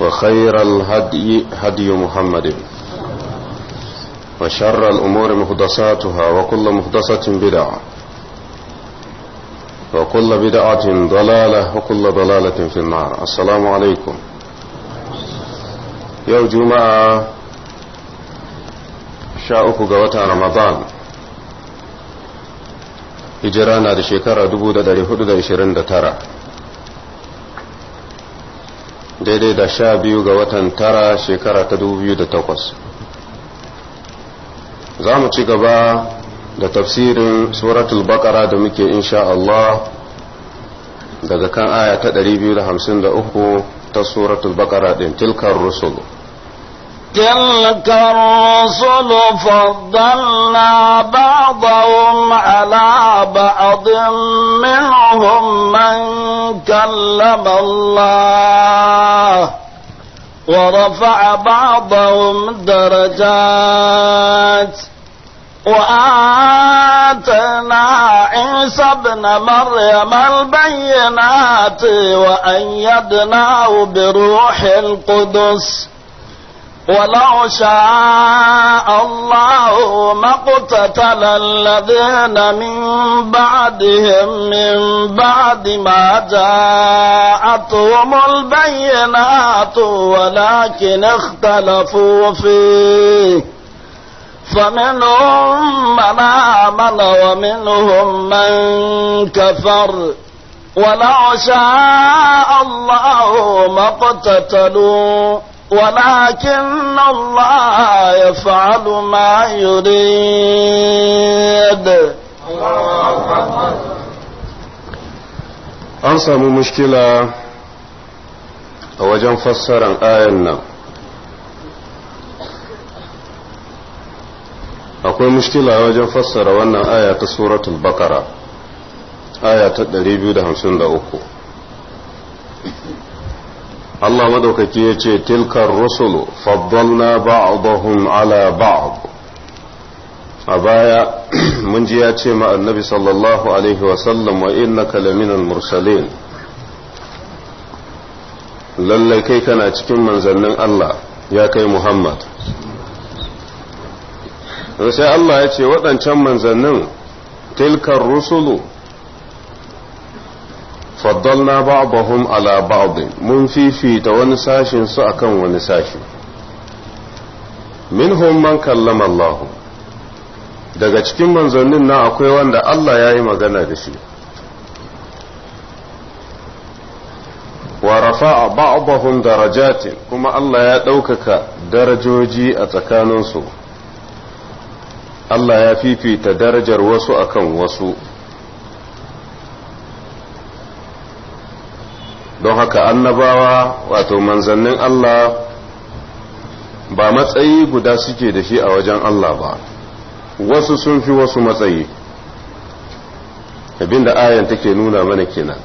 وخير الهدي هدي محمد وشر الأمور محدثاتها وكل محدثة بدعة وكل بدعة ضلالة وكل ضلالة في النار السلام عليكم يا جمعة شاءك قوة رمضان دي na دي شرندة ترى daidai da sha biyu ga watan tara shekara ta dubu da takwas za mu ci gaba da tafsirin suratul bakara da muke insha Allah daga kan aya ta da uku ta suratul bakara din tilkar rusul تلك الرسل فضلنا بعضهم على بعض منهم من كلم الله ورفع بعضهم درجات وآتنا عيسى ابن مريم البينات وأيدناه بروح القدس ولو شاء الله ما اقتتل الذين من بعدهم من بعد ما جاءتهم البينات ولكن اختلفوا فيه فمنهم من آمن ومنهم من كفر ولو شاء الله ما اقتتلوا ولكن الله يفعل ما يريد an samu mushkila a wajen fassaran ayan nan akwai mushkila wajen fassara wannan aya ta suratul bakara aya ta 253 Allah madaukaki ya ce tilkar rusulu faddalna ba'dahum ala ba'd a baya mun ji ya ce ma annabi sallallahu alaihi wa sallam wa innaka laminal mursalin lallai kai kana cikin manzannin Allah ya kai Muhammad sai Allah ya ce waɗancan manzannin tilkar rusulu faddalna ba'dahum ala mun fifita wani sashin su akan wani sashi minhum man kallama daga cikin manzannin na akwai wanda Allah ya yi magana da shi wa a ba'dahum darajatin kuma Allah ya ɗaukaka darajoji a tsakaninsu Allah ya fifita darajar wasu akan wasu don haka annabawa wato manzannin Allah ba matsayi guda suke da shi a wajen Allah ba wasu sun fi wasu matsayi abinda ayan take nuna mana kenan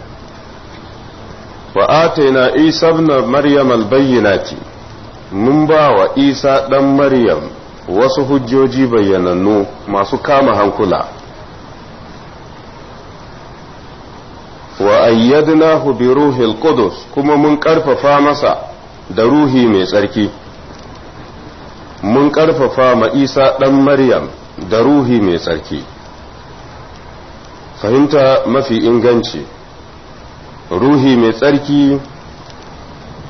wa ataina isa ibn maryam albayyinati mun ba wa isa dan maryam wasu hujjoji bayyanannu masu kama hankula ayyadnahu bi ruhil qudus kuma mun karfafa masa da ruhi mai tsarki mun karfafa ma Isa ɗan Maryam da ruhi mai tsarki fahimta mafi inganci ruhi mai tsarki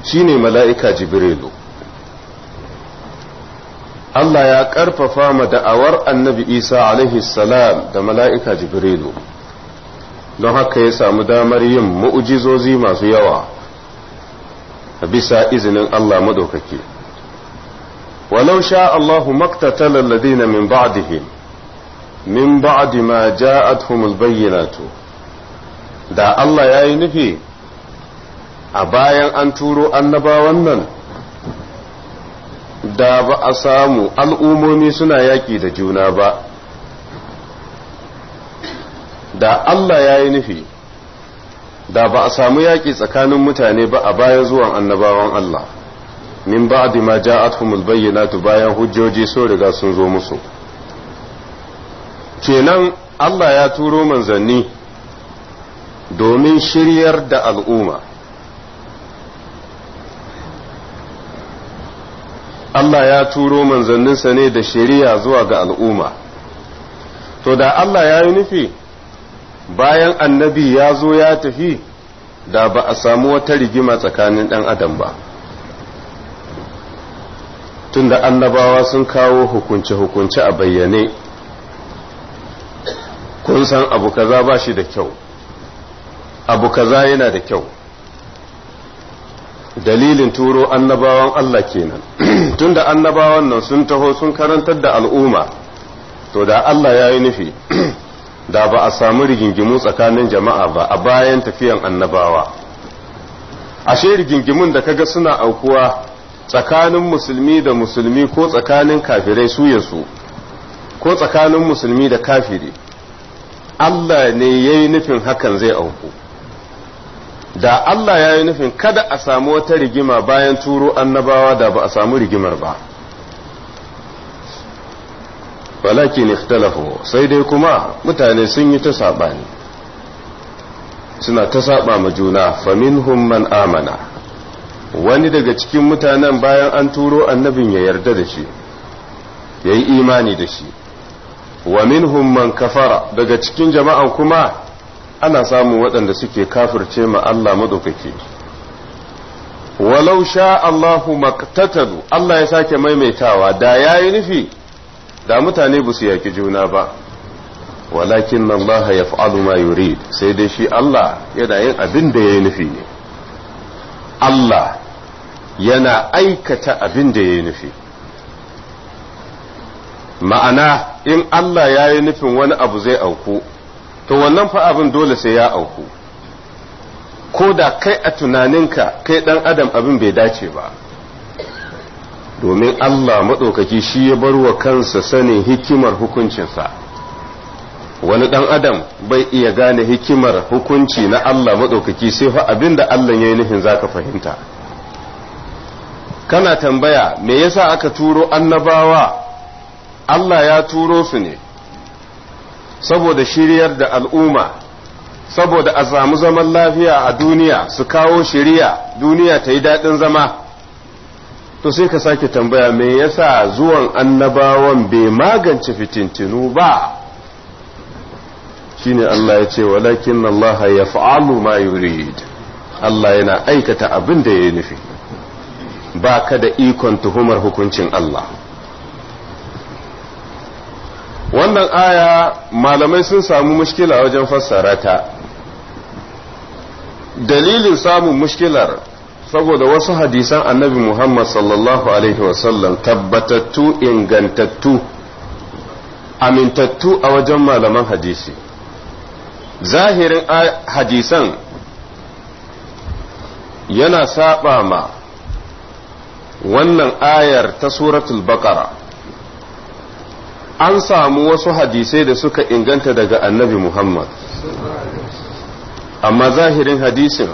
shine mala'ika jibrilu Allah ya ƙarfafa ma da'awar annabi Isa alaihi salam da mala'ika Jibrelu. don haka ya samu damar yin mu'ujizozi masu yawa A bisa izinin Allah madaukake walau sha Allahu maktatala ladina min ba'dihim min ba'di ma ja'atuhumul bayyinatu da Allah yayi nufi a bayan an turo annabawan nan da ba a samu al'umomi suna yaƙi da juna ba da Allah ya yi nufi da ba a samu yaƙi tsakanin mutane ba a bayan zuwan annabawan Allah min a ma bayyana tu bayan hujjoji so riga sun zo musu kenan Allah ya turo manzanni domin shiryar da al'umma Allah ya turo manzanninsa ne da shiriya zuwa ga al'umma to da Allah ya yi nufi bayan annabi ya zo ya tafi da ba a samu wata rigima tsakanin ɗan adam ba tunda annabawa sun kawo hukunce-hukunce a bayyane kun san abu kaza ba shi da kyau abu kaza yana da kyau dalilin turo annabawan Allah kenan tunda annabawan nan sun taho sun karantar da al'umma to da Allah ya yi nufi da ba a samu rigingimu tsakanin jama'a ba a bayan tafiyan annabawa ashe rigingimun da kaga suna aukuwa tsakanin musulmi da musulmi ko tsakanin kafirai su yasu ko tsakanin musulmi da kafiri Allah ne ya yi nufin hakan zai auku da Allah ya yi nufin kada a samu wata rigima bayan turo annabawa da ba a samu rigimar ba walakin ikhtalafu sai dai kuma mutane sun yi ta sabani suna ta saba ma juna faminhum man amana wani daga cikin mutanen bayan an turo annabin ya yarda da shi yayi imani da shi wa minhum man kafara daga cikin jama'a kuma ana samun waɗanda suke kafirce ma Allah madaukake walau sha Allahu maktatalu Allah ya sake maimaitawa da yayi nufi da mutane ba su yaki juna ba walakin Allah ya fa'alu ma yuri sai dai shi Allah yana yin abin da ya yi nufi ne Allah yana aikata abin da ya yi nufi ma'ana in Allah ya yi nufin wani abu zai auku to wannan fa abin dole sai ya auku ko da kai a tunaninka kai ɗan adam abin bai dace ba domin Allah maɗaukaki shi ya bar wa kansa sanin hikimar hukuncinsa wani ɗan adam bai iya gane hikimar hukunci na Allah maɗaukaki sai fa abin da Allah ya yi nufin za ka fahimta kana tambaya me yasa aka turo annabawa Allah ya turo su ne saboda shiryar da al'umma saboda a samu zaman lafiya a duniya su kawo shiriya duniya ta yi daɗin zama to sai ka sake tambaya me yasa zuwan annabawan bai magance fitintinu ba shine Allah ya ce walakin Allah ya fa'alu ma yurid Allah yana aikata abin da ya nufi ba ka da ikon tuhumar hukuncin Allah wannan aya malamai sun samu mushkila wajen fassara ta dalilin samun mushkilar saboda wasu hadisan annabi Muhammad sallallahu alaihi wasallam tabbatattu ingantattu amintattu a wajen malaman hadisi zahirin hadisan yana saba ma wannan ayar ta suratul baqara an samu wasu hadisai da suka inganta daga annabi Muhammad amma zahirin hadisin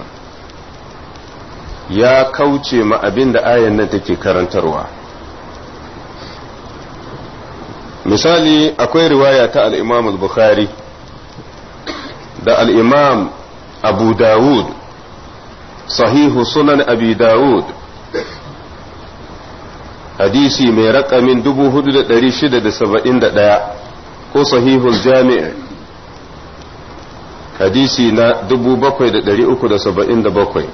ya kauce ma abin da ayan nan take karantarwa misali akwai riwaya ta al'imam al-bukhari da al'imam abu dawud sahihu sunan abi dawud hadisi mai raƙamin 4671 ko sahihul jami'a hadisi na 7377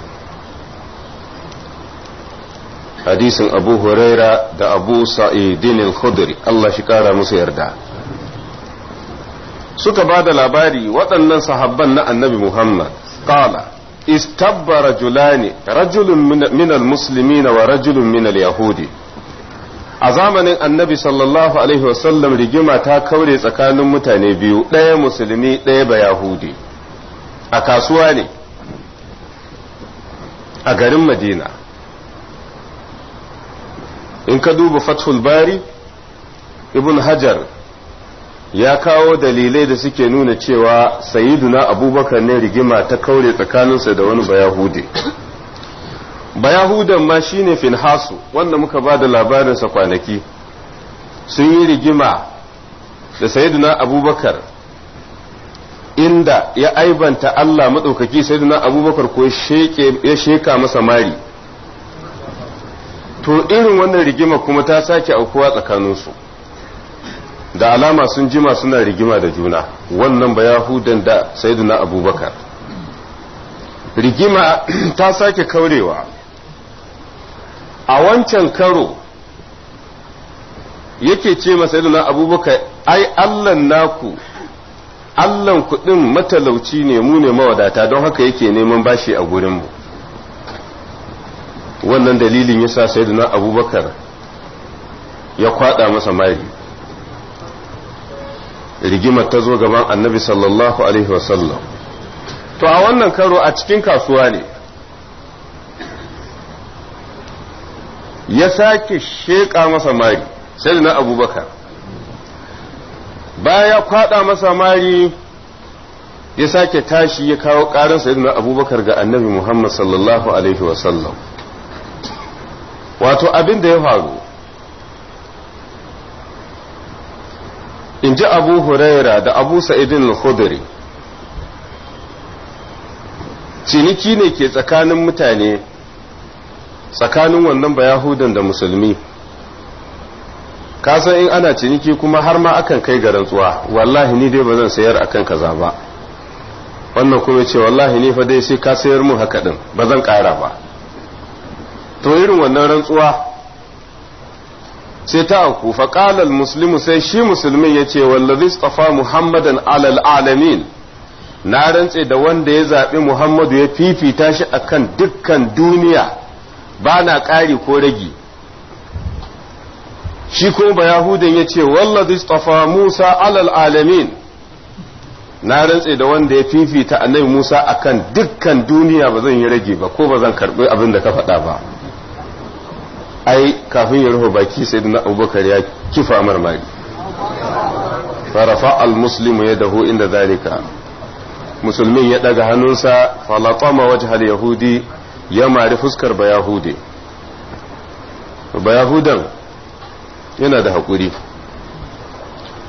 hadisin abu huraira da abu sa'idin al-khudri Allah shi kara musu yarda suka ba da labari waɗannan sahabban na annabi muhammad kala istabba rajulani rajulun minal muslimina wa rajulun minal yahudi a zamanin annabi sallallahu alaihi wasallam rigima ta kaure tsakanin mutane biyu ɗaya musulmi ɗaya ba yahudi a kasuwa ne a garin madina in ka duba fathul bari ibn hajar ya kawo dalilai da suke nuna cewa sayiduna abubakar ne rigima ta kaure tsakaninsa da wani bayahude bayahudan ma shine finhasu wanda muka ba da labarinsa kwanaki sun yi rigima da sayiduna abubakar inda ya aibanta allah maɗaukaki sayiduna abubakar ko ya sheka masa mari to irin wannan rigima kuma ta sake aukuwa tsakaninsu da alama sun jima suna rigima da juna wannan ba yahudan da sayyiduna abubakar rigima ta sake kaurewa a wancan karo yake ce ma na abubakar ai allan naku allan kuɗin matalauci ne mu ne mawadata don haka yake neman bashi a gurin mu. wannan dalilin yasa sayyidina abubakar ya kwada masa mari rigimar ta zo gaban annabi sallallahu alaihi wasallam to a wannan karo a cikin kasuwa ne ya sake sheƙa masa mari sai na abubakar baya ya kwaɗa masa mari ya sake tashi ya kawo ƙarin sai na abubakar ga annabi muhammad sallallahu alaihi wasallam wato abin da ya faru in ji abu huraira da abu sa'idin khudri ciniki ne ke tsakanin mutane tsakanin wannan bayahudan da musulmi kasan in ana ciniki kuma har ma akan kai ga rantsuwa wallahi ni dai ba zan sayar akan kaza ba wannan kuma ce wallahi ni fa dai sai ka sayar mun haka din ba zan ƙara ba to irin wannan rantsuwa sai ta qala al muslimu sai shi musulmin yace ce wallazi tsafa muhammadan alal alamin na rantse da wanda ya zabi muhammadu ya fifita shi akan dukkan duniya ba na kari ko ragi shi ko ba yahudan ya ce wallazi tsafa musa alal alamin na rantse da wanda ya fifita annabi musa akan dukkan duniya ba zan yi rage ba ko ba zan karbi abin da ka faɗa ba ai kafin ya rufe baki sai na abubakar ya kifa marmari farafa al-muslimu ya dahu inda zalika musulmin ya daga hannunsa falatama hal yahudi ya mari fuskar bayahudi bayahudan yana da haƙuri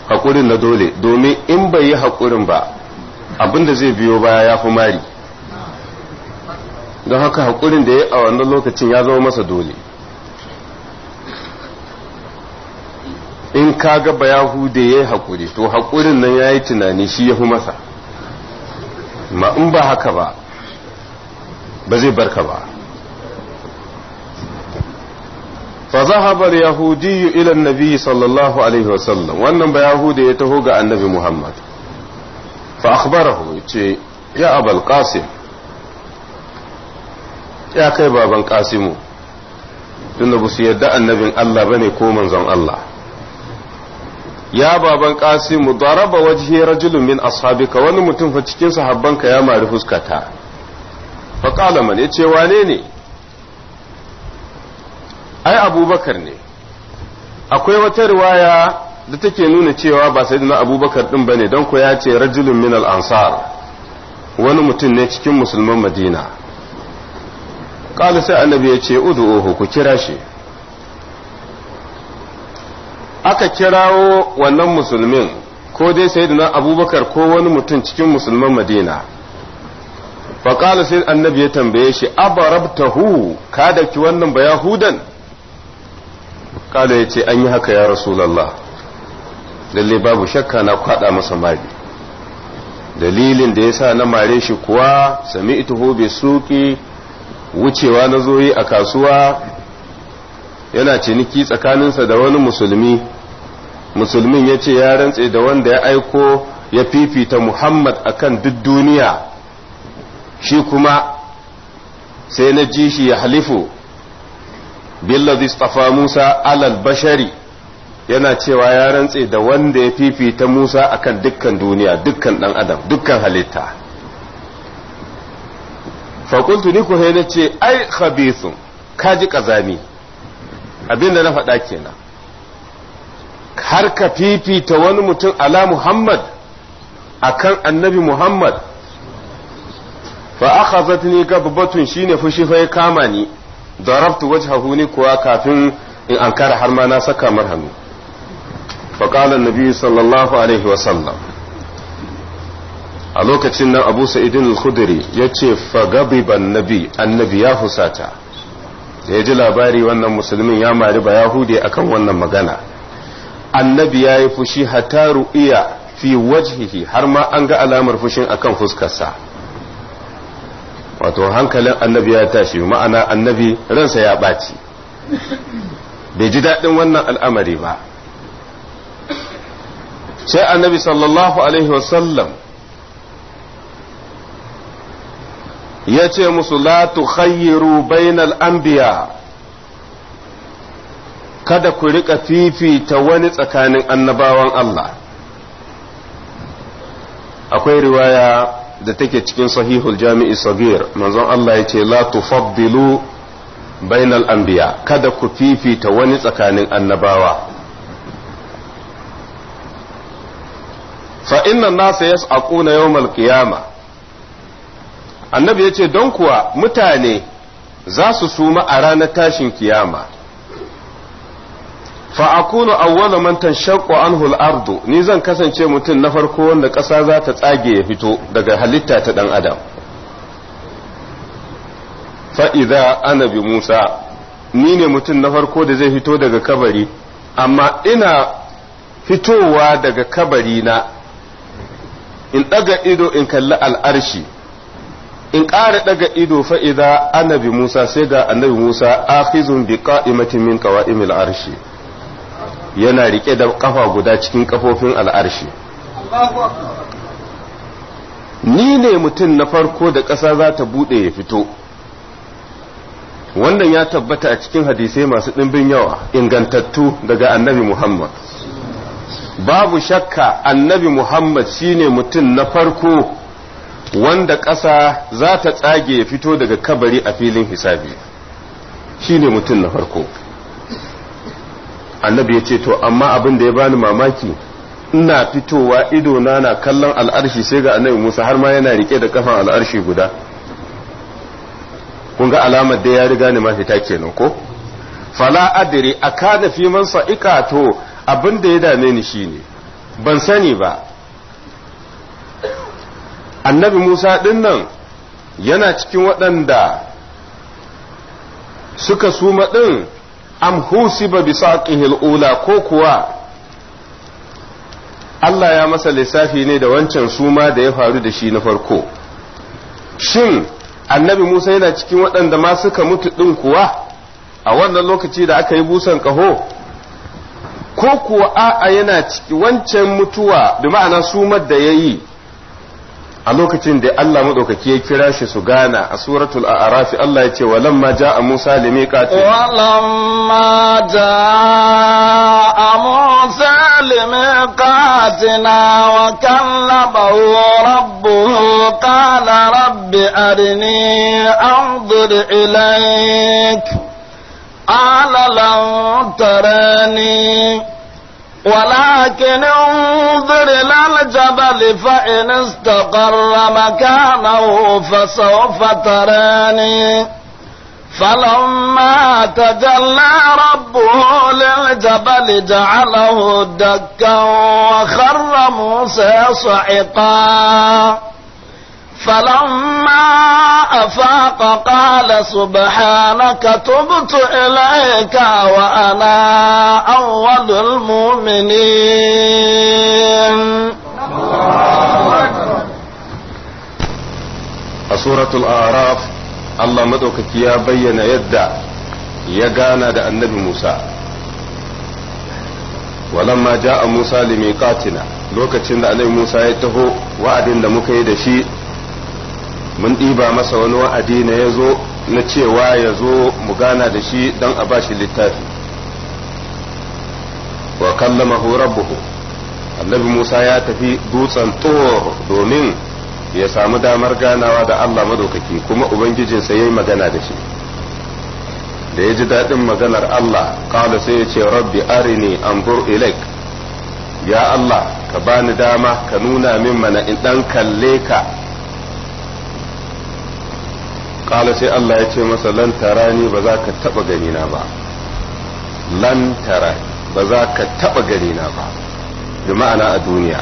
haƙurin na dole domin in bai yi haƙurin ba abinda zai biyo baya ya fi mari don haka haƙurin da ya yi a wannan lokacin ya zama masa dole in kaga ba ya hude ya yi to haƙurin nan ya yi tunani shi ya masa ma in ba haka ba ba zai barka ba fazahabar yahudiyu ilan nabi sallallahu alaihi wasallam wannan ba yahudi ya taho ga annabi muhammad fa akhbarahu ce ya abal qasim ya kai baban qasimu tunda ba su yadda annabin allah bane ko manzon allah ya baban qasimu daraba wajhi rajulun min ashabika wani mutum fa cikin sahabbanka ya mari fuskata fa qala man yace wane ne ai abubakar ne akwai wata riwaya da take nuna cewa ba na abubakar din bane don ko ya ce rajulun min al ansar wani mutum ne cikin musulman madina qala sai annabi ya ce ud'uhu ku kira shi aka kirawo wannan musulmin ko dai sayyidina abubakar ko wani mutum cikin musulman madina faƙala sai annabi ya tambaye shi abarabtahu ka daki wannan ba yahudan kala ya ce an yi haka ya rasulallah lalle babu shakka na kwaɗa masa mari dalilin da ya sa na mare shi kuwa sami ituhu bi suki wucewa na zoyi a kasuwa yana ciniki tsakaninsa da wani musulmi musulmin ya ce ya rantse da wanda ya aiko ya fifita muhammad akan duk duniya shi kuma sai na ji shi ya halifu billazi istafa musa alal bashari yana cewa ya rantse da wanda ya fifita musa akan dukkan duniya dukkan dan adam dukkan halitta fakultu ni ku na ce ai khabithun kaji kazami da na faɗa kenan har ka fifita wani mutum ala muhammad akan annabi muhammad fa akhazatni shi shine fushi fa ya kama ni darabtu wajen ni kuwa kafin in ankara har ma na saka mar hannu fa qala sallallahu alaihi wa sallam a lokacin nan abu sa'idin al-khudri yace fa gabiba annabi annabi ya husata da ya ji labari wannan musulmin ya mari ba yahudi akan wannan magana annabi ya yi fushi hatta ru'iya fi wajhihi har ma an ga alamar fushin akan fuskarsa wato hankalin annabi ya tashi ma'ana annabi ransa ya ɓaci bai ji daɗin wannan al'amari ba sai annabi sallallahu alaihi wasallam ya ce musu la khayyiru bainal anbiya kada ku riƙa fifita wani tsakanin annabawan Allah akwai riwaya da take cikin sahihul jami'i sabir manzon Allah ya ce la faddilu bainal anbiya kada ku fifita wani tsakanin annabawa fa inna nasa yas'aquna yawmal qiyamah annabi ya ce don kuwa mutane za su suma a ranar tashin kiyama fa'akunu awwala man tanshaqqu anhu al-ardu ni zan kasance mutum na farko wanda ƙasa za ta tsage ya fito daga halitta ta dan adam fa idza musa ni ne mutum na farko da zai fito daga kabari amma ina fitowa daga kabari na in ɗaga ido in kalli al'arshi in ƙara ɗaga ido fa idza annabi Musa sai ga annabi Musa akhizun bi qa'imatin min qawa'imil arshi yana rike da kafa guda cikin kafofin al'arshi ni ne mutum na farko da ƙasa za ta buɗe ya fito wannan ya tabbata a cikin hadisai masu ɗimbin yawa ingantattu daga annabi muhammad babu shakka annabi muhammad shine mutum na farko wanda ƙasa za ta tsage ya fito daga kabari a filin hisabi shi ne mutum na farko annabi ya ce to amma abin da ya bani mamaki ina fitowa idona na kallon al'arshi sai ga annabi musa har ma yana rike da kafan al'arshi guda kun ga alamar da ya riga ni ma fita kenan ko fala adri akada fi man sa'ika to abin da ya dame ni shine ban sani ba annabi Musa ɗin nan yana cikin waɗanda suka suma ɗin am husiba bi ula ko kuwa Allah ya masa lissafi ne da wancan suma da ya faru da shi na farko shin annabi Musa yana cikin waɗanda ma suka mutu ɗin kuwa a wannan lokaci da aka yi busan ƙaho ko kuwa a'a yana ciki wancan mutuwa bi ma'ana sumar da ya yi a lokacin da Allah madaukaki ya kira shi su gana a suratul a'raf Allah ya ce walamma ja'a Musa limiqatina walamma ja'a Musa limiqatina wa kallaba rabbuhu qala rabbi arini anzur ilayk ala لن tarani ولكن انظر إلى الجبل فإن استقر مكانه فسوف تراني فلما تجلى ربه للجبل جعله دكا وخر موسى صعقا فلما أفاق قال سبحانك تبت إليك وأنا أول المؤمنين a suratul araf Allah madaukaki ya bayyana yadda ya gana da annabi Musa walamma ja'a Musa limiqatina lokacin da annabi Musa ya taho wa'adin da muka yi da shi mun ɗiba masa wani wa'adi na ya zo na cewa ya zo mu gana da shi don a ba shi littafi wa kallamahu rabbuhu annabi musa ya tafi dutsen tuwar domin ya samu damar ganawa da allah madaukaki kuma ubangijinsa ya yi magana da shi da ya ji daɗin maganar allah kala sai ya ce rabbi arini anzur ilaik ya allah ka bani dama ka nuna min mana in ɗan kalle ka kala sai Allah ya ce masa lan tarani ba za ka taba ganina ba lan tarani ba za ka taba ganina ba bi ma'ana a duniya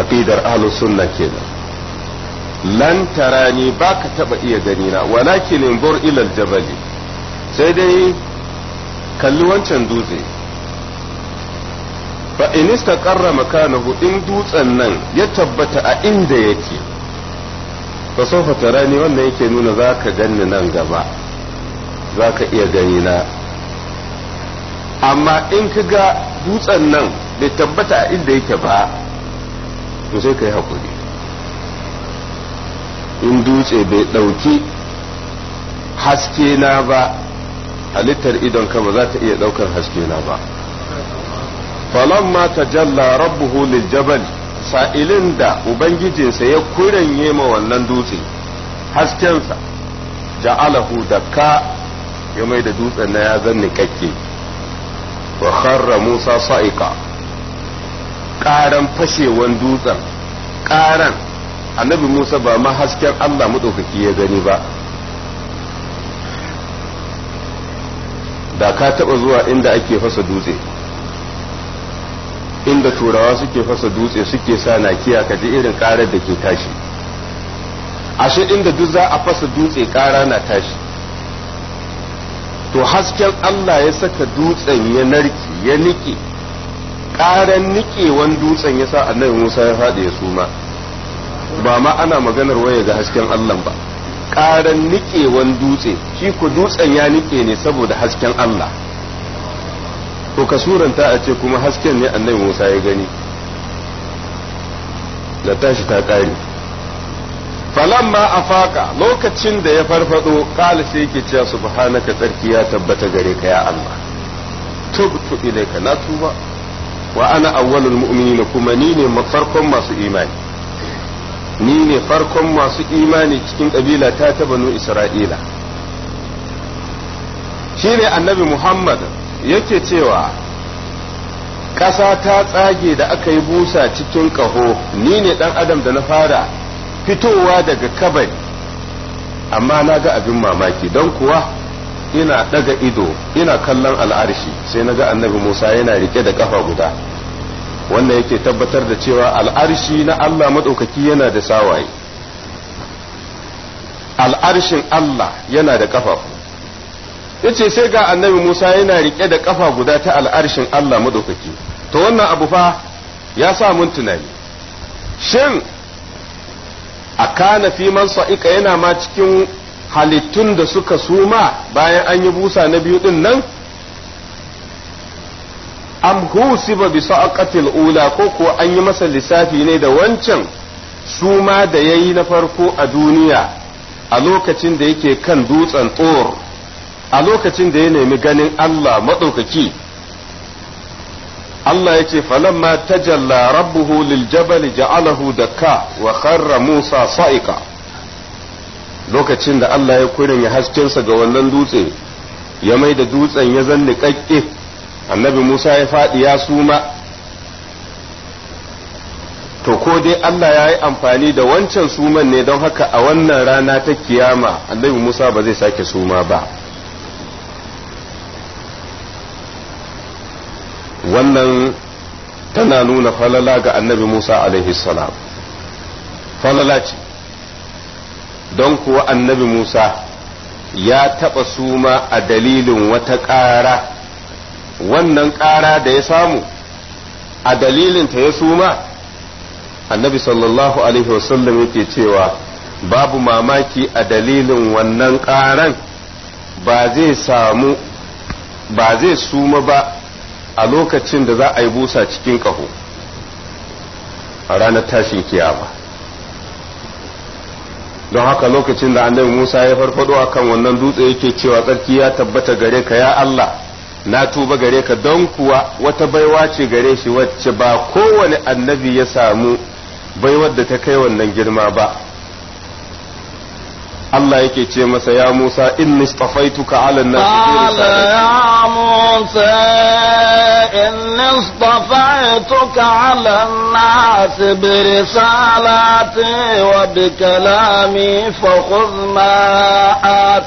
aqidar ahlu sunna kenan lan tarani ba ka taba iya ganina walakin inbur ila aljabal sai dai kalli wancan dutse fa in istaqarra makanahu in dutsen nan ya tabbata a inda yake fa sofa tarani wannan yake nuna za ka ganni nan gaba za ka iya gani na amma in ka ga dutsen nan bai tabbata a inda yake ba to sai ka yi haƙuri in dutse bai ɗauki haske na ba halittar idon ka za ta iya ɗaukar haske na ba ta jalla rabbuhu lil jabal sa'ilin da ubangijinsa ya kuranye ma wannan dutse haskensa ja'alahu da ka ya mai da dutsen na ya zan kakke wa kharra musa sa'ika ƙaran fashewan dutsen ƙaran annabi musa ba ma hasken allah maɗaukaki ya gani ba da ka taɓa zuwa inda ake fasa dutse inda turawa suke fasa dutse suke sa na nakiya kaji irin karar da ke tashi ashe inda duk za a fasa dutse kara na tashi to hasken Allah ya saka dutsen ya narki ya nike karan nikewan dutsen ya sa annabi Musa ya faɗi ya suma ba ma ana maganar waya ga hasken Allah ba karan nikewan dutse shi ku dutsen ya nike ne saboda hasken Allah to ka suranta a ce kuma hasken ne annabi Musa ya gani da tashi ta kare falamma afaka lokacin da ya farfado kala sai yake cewa subhanaka tsarki ya tabbata gare ka ya Allah tubtu ilayka na tuba wa ana awwalul mu'minina kuma ni ne farkon masu imani ni ne farkon masu imani cikin kabila ta ta banu Isra'ila shine annabi Muhammad yake cewa ƙasa ta tsage da aka yi busa cikin ƙaho ni ne ɗan adam da na fara fitowa daga kabari amma na ga abin mamaki don kuwa ina ɗaga ido ina kallon al'arshi sai na ga annabi musa yana rike da ƙafa guda wannan yake tabbatar da cewa al'arshi na allah maɗaukaki yana da sawaye al'arshin allah yana da ƙafafu yace sai ga annabi Musa yana rike da kafa guda ta al'arshin Allah madaukaki to wannan abu fa ya sa mun tunani shin a kana fi man sa'ika yana ma cikin halittun da suka suma bayan an yi busa na biyu din nan am husiba bi sa'aqatil ula ko ko an yi masa lissafi ne da wancan suma da yayi na farko a duniya a lokacin da yake kan dutsen tsor a lokacin da ya nemi ganin Allah maɗaukaki Allah ya ce falamma tajalla rabbuhu lil jabal ja'alahu dakka wa kharra Musa sa'iqa lokacin da Allah ya kurin ya haskensa ga wannan dutse ya mai da dutsen ya zanni kakke annabi Musa ya faɗi ya suma to ko dai Allah ya yi amfani da wancan suman ne don haka a wannan rana ta kiyama annabi Musa ba zai sake suma ba wannan tana nuna falala ga annabi Musa alaihi salam falala ce don kuwa annabi Musa ya taɓa suma a dalilin wata ƙara wannan ƙara da ya samu a dalilin ta ya suma annabi sallallahu alaihi wasallam yake cewa babu mamaki a dalilin wannan ƙaran ba zai samu ba zai suma ba a lokacin da za a yi busa cikin ƙaho a ranar tashin kiyama don haka lokacin da annabi Musa ya farfado kan wannan dutse yake cewa tsarki ya tabbata gare ka ya Allah na tuba gare ka don kuwa wata baiwa ce gare shi wacce ba kowane annabi ya samu baiwar da ta kai wannan girma ba Allah yake ce masa ya Musa inni istafaituka ala nasi ya Musa inni istafaituka ala nasi bi risalati wa bi kalami fa khudh ma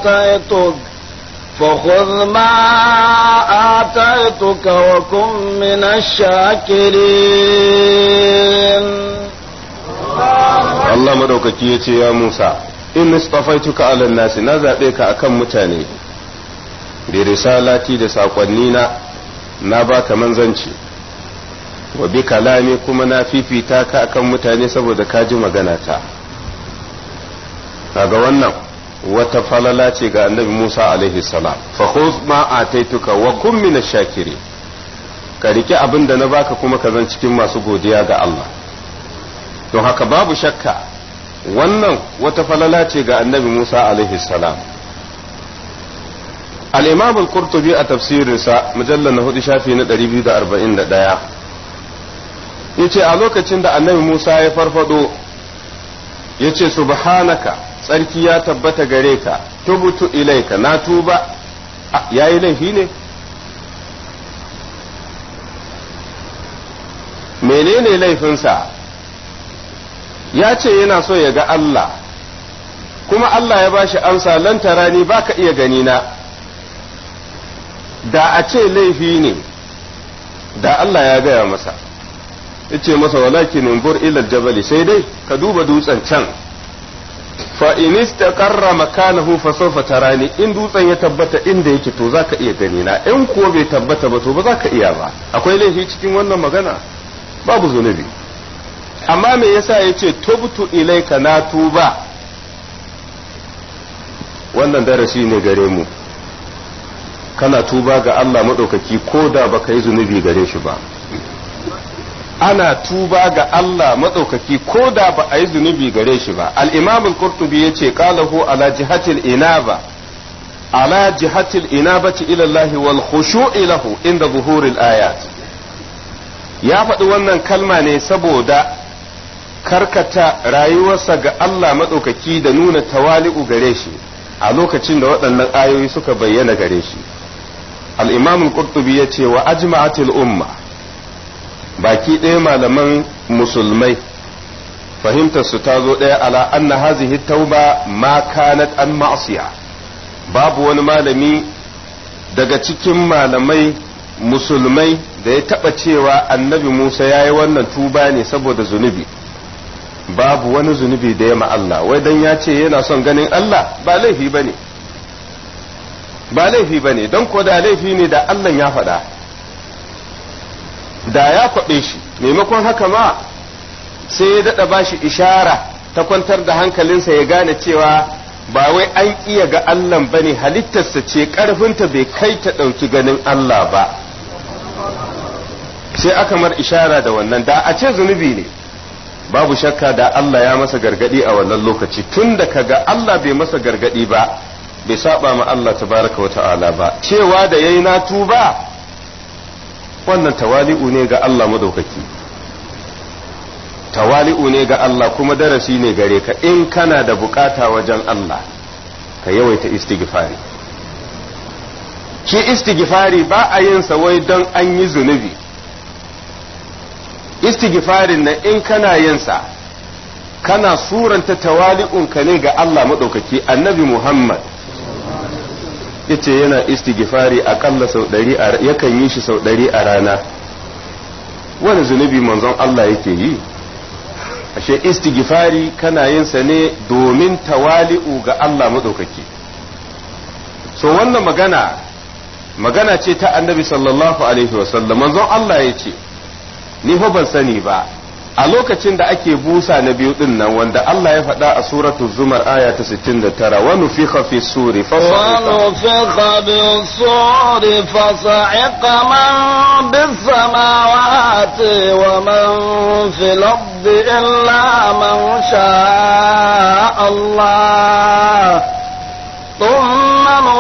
فخذ ما آتيتك وكن من الشاكرين الله مدوكك يا موسى in istafaituka ala nasi na zabe ka akan mutane bi risalati da sakonni na na baka manzanci wa bi kalami kuma na fifita ka akan mutane saboda ka ji magana ta kaga wannan wata falala ce ga annabi Musa alaihi salam fa khudh ma ataituka wa kun min shakiri ka riki abin da na baka kuma ka zan cikin masu godiya ga Allah don haka babu shakka wannan wata falala ce ga annabi Musa alaihi salam al-imam al-qurtubi a tafsirinsa mujallal na hudu shafi na 241 yace a lokacin da annabi Musa ya farfado yace subhanaka tsarki ya tabbata gare ka tubutu ilaika na tuba yayi laifi ne menene laifinsa ya ce yana so ya ga Allah kuma Allah ya bashi amsa lan tarani ka iya gani na da a ce laifi ne da Allah ya gaya masa ce masa walakin Numbur ilar jabali sai dai ka duba dutsen can fa in istaqarra makanahu fa sawfa tarani in dutsen ya tabbata inda yake to zaka iya gani in kuwa bai tabbata ba to ba zaka iya ba akwai laifi cikin wannan magana babu zunubi amma me yasa ya ce tubtu ilaika na tuba wannan darasi ne gare mu kana tuba ga Allah maɗaukaki ko da baka yi zunubi gare shi ba ana tuba ga Allah maɗaukaki ko da ba a yi zunubi gare shi ba al-imam al-qurtubi yace qalahu ala jihatil inaba ala jihatil inabati ila Allah wal khushu ilahu inda zuhuril ayat ya faɗi wannan kalma ne saboda karkata rayuwarsa ga Allah maɗaukaki da nuna tawali'u gare shi a lokacin da waɗannan ayoyi suka bayyana gare shi al'imamun ƙurtubi ya ce wa ajma'atil umma baki ɗaya malaman musulmai fahimtarsu ta zo ɗaya ala anna hazihi tauba ma kanat an ma'asiya babu wani malami daga cikin malamai musulmai da ya taɓa cewa annabi musa ya yi wannan tuba ne saboda zunubi babu wani zunubi da ya Allah wai dan ya ce yana son ganin Allah ba laifi bane ba laifi bane don ko da laifi ne da Allah ya faɗa da ya kwaɓe shi maimakon haka ma sai ya daɗa bashi ishara ta kwantar da hankalinsa ya gane cewa ba wai an iya ga Allah ne halittarsa ce ƙarfinta bai kai ta ɗauki ganin Allah ba sai aka mar ishara da wannan da a ce zunubi ne babu shakka da Allah ya masa gargadi a wannan lokaci tun da kaga Allah bai masa gargadi ba bai saba ma Allah tabaraka wa ta'ala ba cewa da yayi na tuba wannan tawali'u ne ga Allah madaukaki tawali'u ne ga Allah kuma darasi ne gare ka in kana da bukata wajen Allah ka yawaita istighfari Ki istighfari ba a yin sa wai don an yi zunubi istighfarin nan in kana yin sa kana suranta ka ne ga Allah maɗaukaki annabi Muhammad yace yana istighfari akalla sau ɗari yakan yi shi sau ɗari a rana wani zunubi manzon Allah yake yi ashe istighfari kana yin sa ne domin tawali'u ga Allah maɗaukaki so wannan magana magana ce ta annabi sallallahu alaihi wasallam manzon Allah ya ce ni fa ban sani ba a lokacin da ake busa na biyu din nan wanda Allah ya faɗa a suratul zumar aya ta 69 wa nufikha fi suri fa nufikha bi suri fa sa'iqa man bis samawati wa man fil ardi illa man sha'a Allah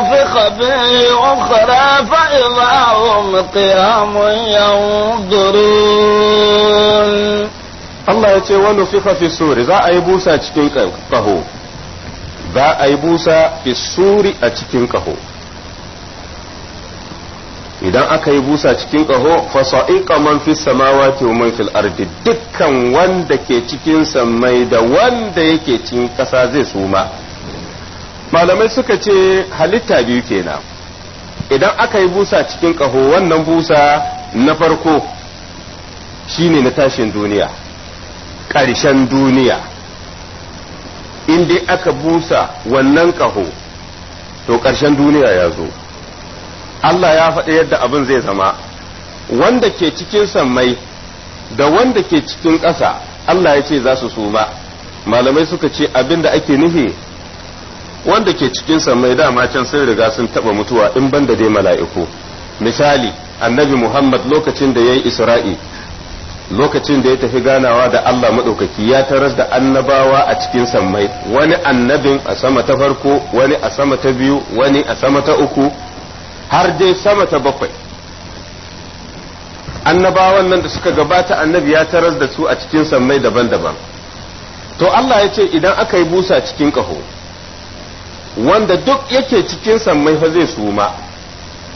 ونفخ به أخرى فإذا هم قيام ينظرون الله يتي ونفخ في السور ذا أي بوسى تشكين قهو ذا أي بوسى في السور أتشكين كهو idan aka yi busa cikin ƙaho fasa'iqa man fi samawati wa man fil ardi dukkan wanda ke cikin sammai da wanda yake cikin ƙasa zai suma malamai suka ce halitta biyu kenan idan aka yi busa cikin ƙaho wannan busa na farko shine na tashin duniya ƙarshen duniya in aka busa wannan ƙaho to ƙarshen duniya ya zo Allah ya faɗi yadda abin zai zama wanda ke cikin sammai da wanda ke cikin ƙasa Allah ya ce za su suma malamai suka ce abin da ake nufi wanda ke cikin sammai dama can sai riga sun taba mutuwa in banda dai mala'iku misali annabi muhammad lokacin da ya yi isra'i lokacin da ya tafi ganawa da allah maɗaukaki ya taras da annabawa a cikin sammai wani annabin a sama ta farko wani a sama ta biyu wani a sama ta uku har dai sama ta bakwai annabawan nan da suka gabata annabi ya taras da su a cikin sammai daban-daban to allah ya ce idan aka yi busa cikin ƙaho wanda duk yake cikin mai fa zai suma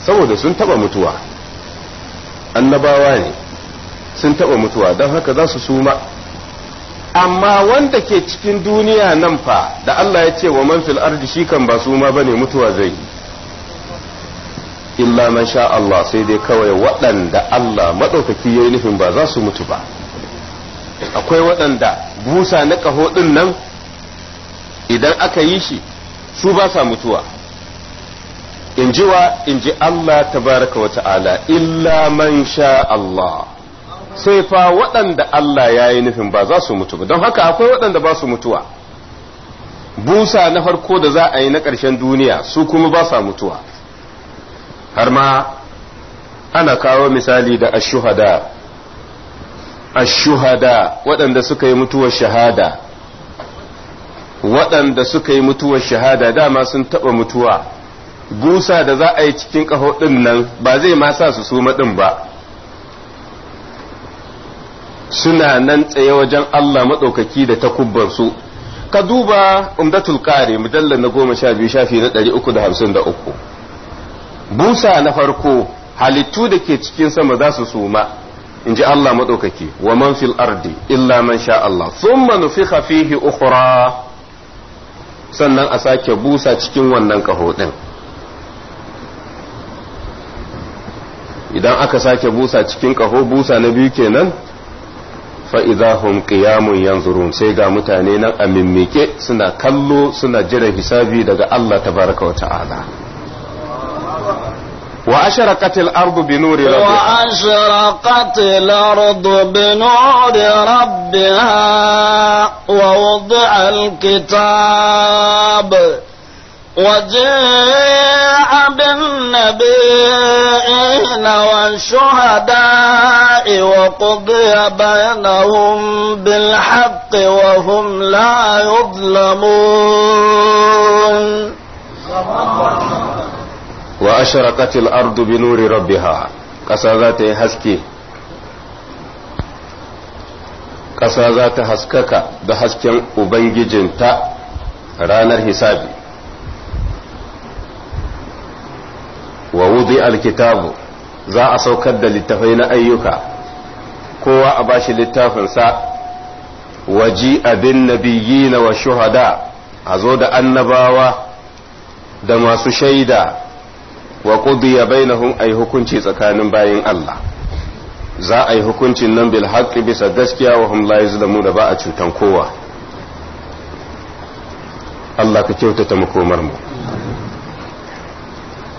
saboda sun taba mutuwa annabawa ne sun taba mutuwa don haka za su suma amma wanda ke cikin duniya nan fa da Allah ya ce wa man fil ardi shi kan ba suma bane mutuwa zai yi. illa man sha Allah sai dai kawai waɗanda Allah maɗaukaki ya yi nufin ba za su mutu ba akwai waɗanda busa na ƙaho ɗin nan idan aka yi shi su ba sa mutuwa in ji wa in ji Allah tabaraka wa ta'ala illa man sha Allah sai fa waɗanda Allah ya yi nufin ba za su mutu ba don haka akwai waɗanda ba su mutuwa busa na farko da za a yi na ƙarshen duniya su kuma ba sa mutuwa har ma ana kawo misali da ashuhada ashuhada waɗanda suka yi mutuwar shahada waɗanda suka yi mutuwar shahada dama sun taɓa mutuwa busa da za a yi cikin ƙaho ɗin nan ba zai ma sa su suma ɗin ba suna nan tsaye wajen Allah maɗaukaki da takubbansu ka duba umdatul ƙare mujallar na goma sha biyu shafi na ɗari uku da hamsin da uku busa na farko halittu da ke cikin sama za su suma in ji Allah maɗaukaki wa man fil ardi illa man sha Allah thumma nufikha fihi ukura sannan a sake busa cikin wannan ƙaho ɗin idan aka sake busa cikin ƙaho busa na biyu kenan fa'iza hum qiyamun yanzurun sai ga mutane nan a mimmike suna kallo suna jira hisabi daga Allah tabaraka wa ta'ala وأشرقت الأرض بنور ربها وأشرقت الأرض بنور ربها ووضع الكتاب وجاء بالنبيين والشهداء وقضي بينهم بالحق وهم لا يظلمون wa asharaqatil ardu bi nuri rabbiha ƙasa za ta yi haske ƙasa za ta haskaka da hasken ubangijinta ranar hisabi wa wudi alkitabu za a saukar da littafai na ayyuka kowa a bashi littafinsa waji abin nabiyyi na wa shuhada a zo da annabawa da masu shaida wa qudiya bainahum ayi hukunci tsakanin bayin Allah za a yi hukuncin nan bil bisa gaskiya wa hum la yuzlamu da ba a cutan kowa Allah ka kyautata makomar mu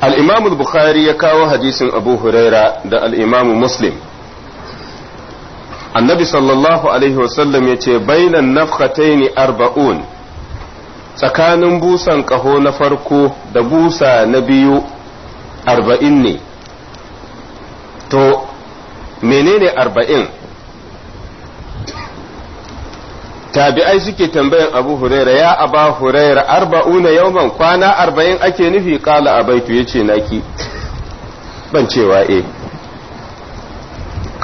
al-Imam al-Bukhari ya kawo hadisin Abu Huraira da al-Imam Muslim annabi sallallahu alaihi wasallam ya ce bainan nafkhataini arba'un tsakanin busan ƙaho na farko da busa na biyu arba'in ne to menene arba'in tabi'ai suke tambayan abu huraira ya aba huraira arba'una yawman kwana arba'in ake nufi kala abaitu ya ce naki ban cewa eh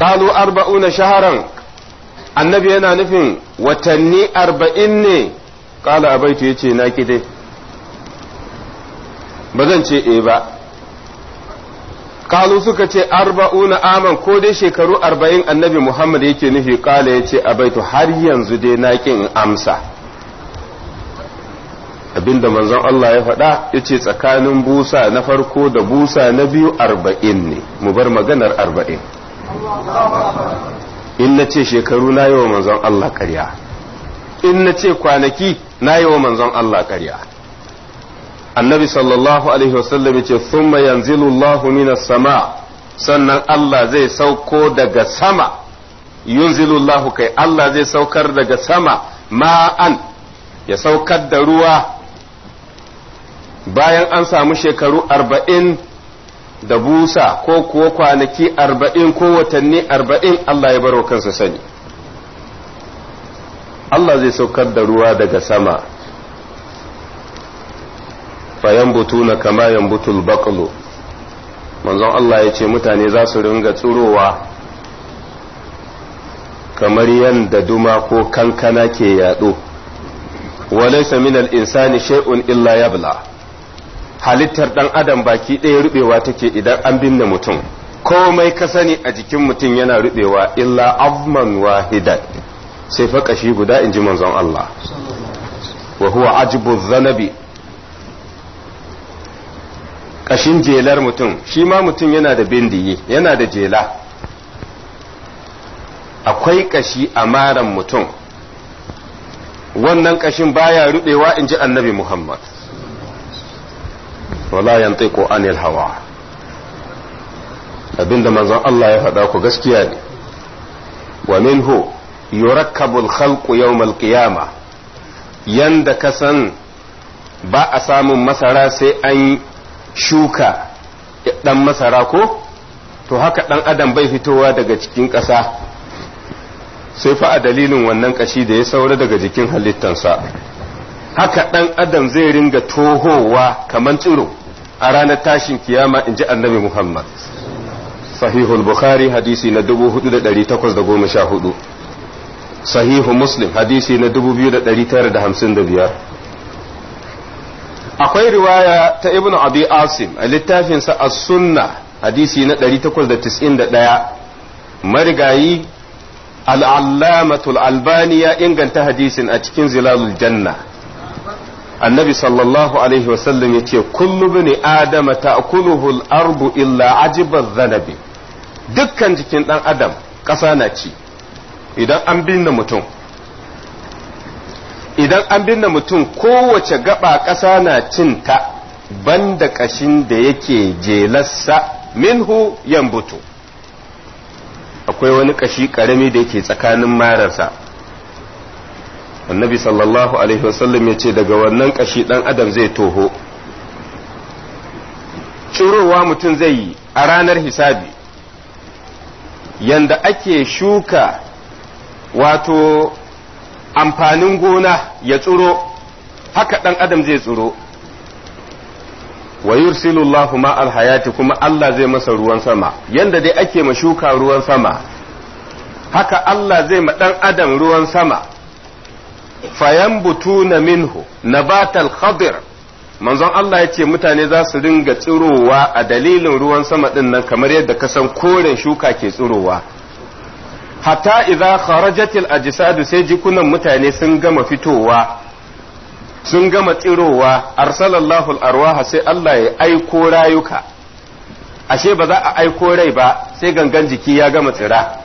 kalu arba'una shaharan annabi yana nufin watanni arba'in ne kala abaitu ya ce naki dai ba zan ce eh ba kalu suka ce arba'una aman ko dai shekaru arba'in annabi muhammad yake nufi kala ya ce abaitu har yanzu dai na in amsa abinda manzon Allah ya faɗa ya ce tsakanin busa na farko da busa na biyu arba'in ne mu bar maganar arba'in in na ce shekaru na yi wa manzon Allah ƙarya in na ce kwanaki na yi wa manzon Allah karya. annabi sallallahu alaihi wasallam yace thumma yanzilu Allahu minas sama sannan Allah zai sauko daga sama yunzilu Allahu kai Allah zai saukar daga sama ma'an ya saukar da ruwa bayan an samu shekaru arba'in da busa ko kuwa kwanaki arba'in ko watanni arba'in Allah ya baro kansa sani Allah zai saukar da ruwa daga sama fayambutuna kama yambutul baqlu manzon Allah ya ce mutane za su ringa tsurowa kamar yadda duma ko kankana ke yaɗo walaysa min insani shay'un illa yabla halittar dan adam baki ɗaya ruɓewa take idan an binne mutum komai ka sani a jikin mutum yana ruɓewa illa afman wahidan sai fa kashi guda inji ji manzon Allah wa huwa ajibu zanabi ƙashin jelar mutum shi ma mutum yana da bindiye yana da jela akwai ƙashi a maran mutum wannan ƙashin baya ruɗewa in ji annabi muhammad wala yantiqu anil hawa abinda manzon Allah ya faɗa ku gaskiya ne wa minhu yurakkabu khalqu yawm qiyama yanda ka san ba a samun masara sai an shuka ɗan masara ko to haka ɗan adam bai fitowa daga cikin ƙasa sai fa a dalilin wannan ƙashi da ya saura daga jikin halittansa haka ɗan adam zai ringa tohowa kamar tsiro a ranar tashin kiyama in ji annabi muhammad sahihul bukhari hadisi na 4814 sahihu muslim hadisi na 2955 akwai riwaya ta ibnu abi asim a littafinsa as-sunna hadisi na 891 marigayi al'allamatul albani ya inganta hadisin a cikin zilalul janna annabi sallallahu alaihi wasallam ya ce kullu bini adama ta al-ardu illa ajibar zanabi dukkan jikin dan adam ƙasa na ci idan an binne mutum idan an binne mutum kowace gaba ƙasa na cinta ta banda ƙashin da yake jelarsa minhu yambutu akwai wani ƙashi ƙarami da yake tsakanin mararsa annabi sallallahu alaihi wasallam ya ce daga wannan ƙashi ɗan adam zai toho cirowa mutum zai yi a ranar hisabi yanda ake shuka wato amfanin gona ya tsiro haka ɗan adam zai tsiro wa yursilullahu ma alhayati kuma Allah zai masa ruwan sama yanda dai ake ma shuka ruwan sama haka Allah zai ma ɗan adam ruwan sama fayambutuna minhu nabatal khadir manzon Allah ya ce mutane za su ringa tsirowa a dalilin ruwan sama ɗin kamar yadda kasan koren shuka ke tsirowa hatta idza kharajatil ajsadu sai jikunan mutane sun gama fitowa sun gama tsirowa arsalallahu al-arwaha sai Allah ya aiko rayuka ashe ba za a aiko rai ba sai gangan jiki ya gama tsira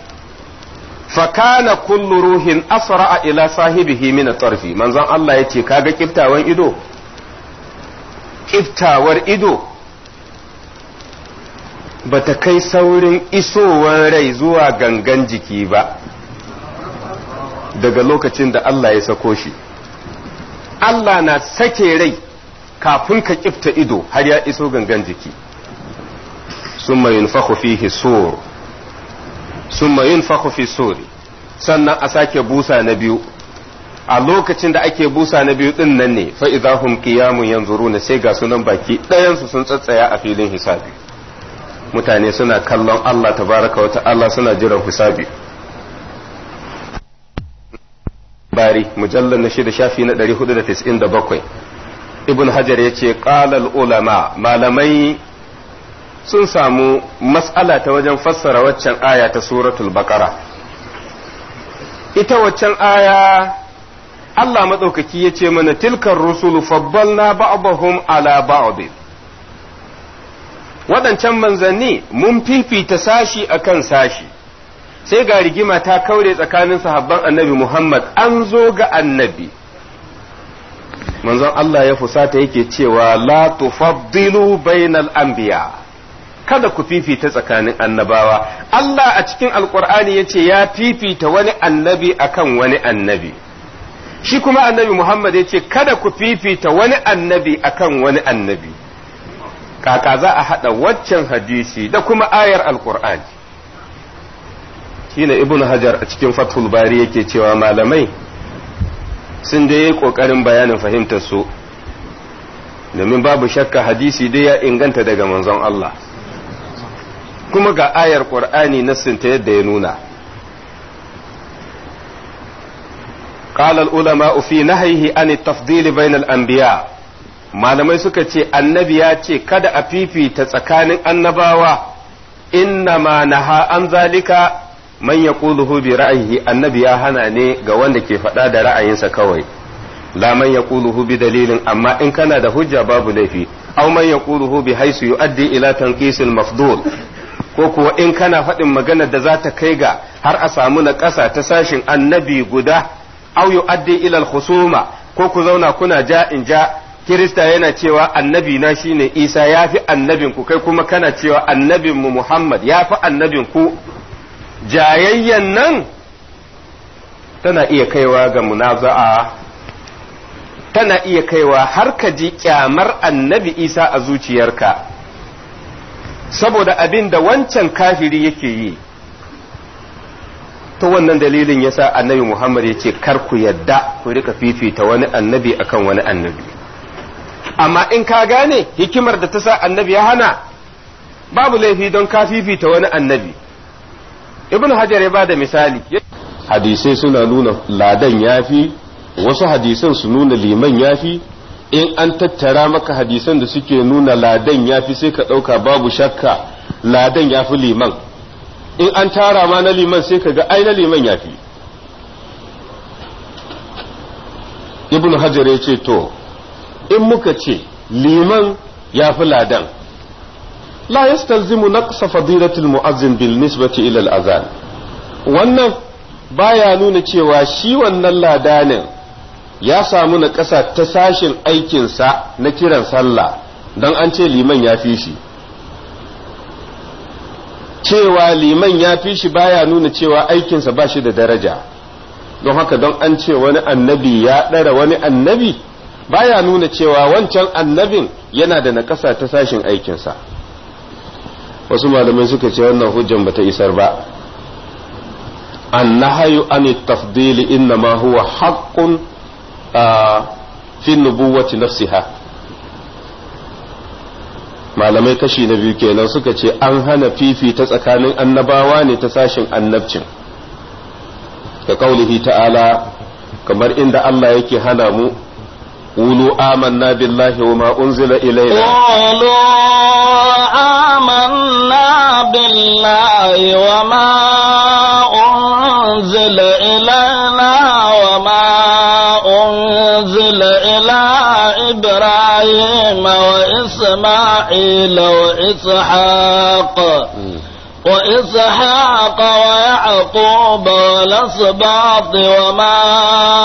fakana kullu ruhin asra'a ila sahibihi min at-tarfi manzon Allah yace kaga kiftawan ido kiftawar ido Ba ta kai saurin isowar rai zuwa gangan jiki ba daga lokacin da Allah ya sako shi Allah na sake rai kafin ka kifta ido har ya iso gangan jiki summa yunfakhu fihi sur summa yunfakhu fi suri sannan a sake busa na biyu a lokacin da ake busa na biyu din nan ne fa idahum qiyamun yanzuruna sai ga sunan baki ɗayansu sun tsatsaya a filin hisabi mutane suna kallon Allah tabaraka wata Allah suna jiran hisabi bari mujallar na shida shafi na hudu da bakwai. ibn hajar ya ce ƙalal ulama malamai sun samu matsala ta wajen fassara waccan aya ta suratul baqara ita waccan aya Allah maɗaukaki ya ce mana tilkar rusulu faddalna ba'dahum ala ba'd waɗancan manzanni mun fifita sashi akan sashi sai ga rigima ta kaure tsakanin sahabban annabi Muhammad an zo ga annabi manzon Allah ya fusata yake cewa la tufaddilu bainal anbiya kada ku fifita tsakanin annabawa Allah a cikin alkur'ani ya ce ya fifita wani annabi akan wani annabi shi kuma annabi Muhammad ya ce kada ku fifita wani annabi akan wani annabi kaka za a haɗa waccan hadisi da kuma ayar alƙur'ani shine ibnu hajar a cikin fathul bari yake cewa malamai sun dai yi ƙoƙarin bayanin fahimtar su domin babu shakka hadisi dai ya inganta daga manzon Allah kuma ga ayar na nassinta yadda ya nuna قال العلماء في نهيه عن التفضيل بين الأنبياء malamai suka ce annabi ya ce kada a fifita tsakanin annabawa inna ma naha an zalika man kuluhu bi ra'ayi annabi ya hana ne ga wanda ke faɗa da ra'ayinsa kawai la man kuluhu bi dalilin amma in kana da hujja babu laifi aw man kuluhu bi haisu yuaddi ila tanqisil mafdul ko kuwa in kana faɗin magana da za ta kai ga har a samu na ƙasa ta sashin annabi guda aw yuaddi ila al-khusuma ko ku zauna kuna ja in ja kirista yana cewa annabi na shine isa ya fi annabin ku kai kuma kana cewa annabin mu muhammad ya fi annabin ku jayayyan nan tana iya kaiwa ga munaza'a tana iya kaiwa har ka ji kyamar annabi isa a zuciyarka saboda abin da wancan kafiri yake yi ta wannan dalilin yasa annabi muhammad ya ce kar ku yadda ku rika fifita wani annabi akan wani annabi amma in ka gane hikimar da ta sa annabi ya hana babu laifi don ka fifita wani annabi ibn hajar ya bada misali hadisai suna nuna ladan fi wasu hadisan su nuna liman ya fi in an tattara maka hadisan da suke nuna ladan fi sai ka ɗauka babu shakka ladan fi liman in an tara ma na liman sai ka ga ai na liman fi. ibn hajar ya ce to in muka ce liman ya fi ladan la yastalzimu naqsa fadilatul mu'azzin bil nisbati ila al-azan wannan baya nuna cewa shi wannan ladanin ya samu na ƙasa ta sashin aikinsa na kiran sallah don an ce liman ya fi shi cewa liman ya fi shi baya nuna cewa aikinsa ba shi da daraja don haka don an ce wani annabi ya ɗara wani annabi baya nuna cewa wancan annabin yana da naƙasa ta sashin aikinsa wasu malamai suka ce wannan hujjan bata isar ba annahayu an tafdili ma huwa haqqun fi nubuwati nafsiha malamai kashi na biyu kenan suka ce an hana fifita tsakanin annabawa ne ta sashin annabcin Ka kaulihi ta'ala kamar inda Allah yake hana mu قولوا آمنا بالله وما أنزل إلينا قولوا آمنا بالله وما أنزل إلينا وما أنزل إلى إبراهيم وإسماعيل وإسحاق م. وإسحاق ويعقوب والأسباط وما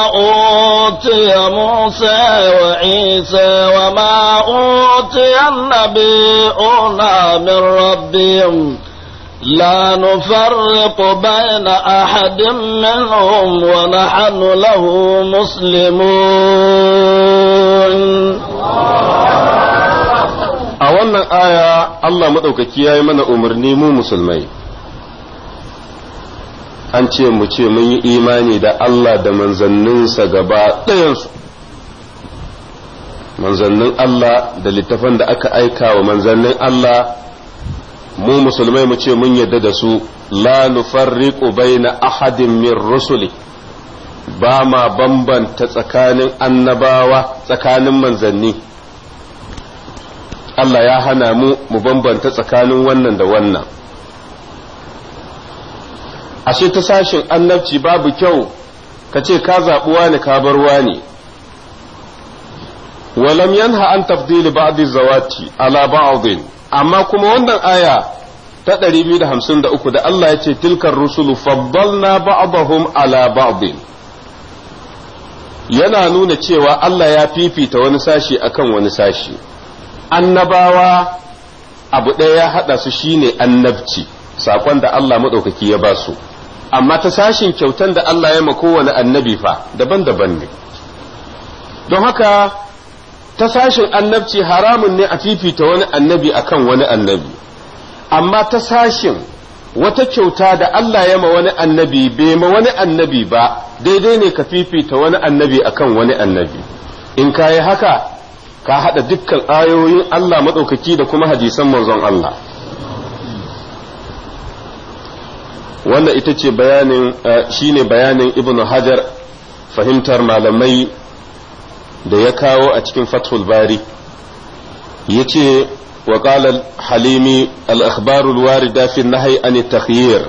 أوتي موسى وعيسى وما أوتي النبيون من ربهم لا نفرق بين أحد منهم ونحن له مسلمون wannan aya Allah maɗaukaki ya yi mana umarni mu musulmai an ce mu ce mun yi imani da Allah da manzanninsa gaba ɗayansu manzannin Allah da littafan da aka aika wa manzannin Allah mu musulmai mu ce mun yarda da su la nufarriqu baina ahadin min rusuli ba ma bambanta tsakanin annabawa tsakanin manzanni Allah ya hana mu mu bambanta tsakanin wannan da wannan ashe ta sashin annabci babu kyau ka ce ka zaɓuwa ne ka barwa ne walam yanha an tafdili ba'di zawati ala ba'din amma kuma wannan aya ta 253 da Allah ya ce tilkar rusulu faddalna ba'dahum ala ba'din yana nuna cewa Allah ya fifita wani sashi akan wani sashi annabawa abu ɗaya ya haɗa su shine annabci saƙon da Allah maɗaukaki ya ba su amma ta sashin kyautan da Allah ya ma kowane annabi fa daban-daban ne don haka ta sashin annabci haramun ne a fifita wani annabi akan wani annabi amma ta sashin wata kyauta da Allah ya ma wani annabi bai ma wani annabi ba daidai ne ka fifita wani annabi akan wani annabi in kayi haka ka haɗa dukkan ayoyin Allah maɗaukaki da kuma hadisan manzon Allah wanda ita ce bayanin eh, shine bayanin ibnu hajar fahimtar malamai da ya kawo a cikin fathul bari ya ce wa ƙalar halimi al'akbarul warida fi nahai an takhyir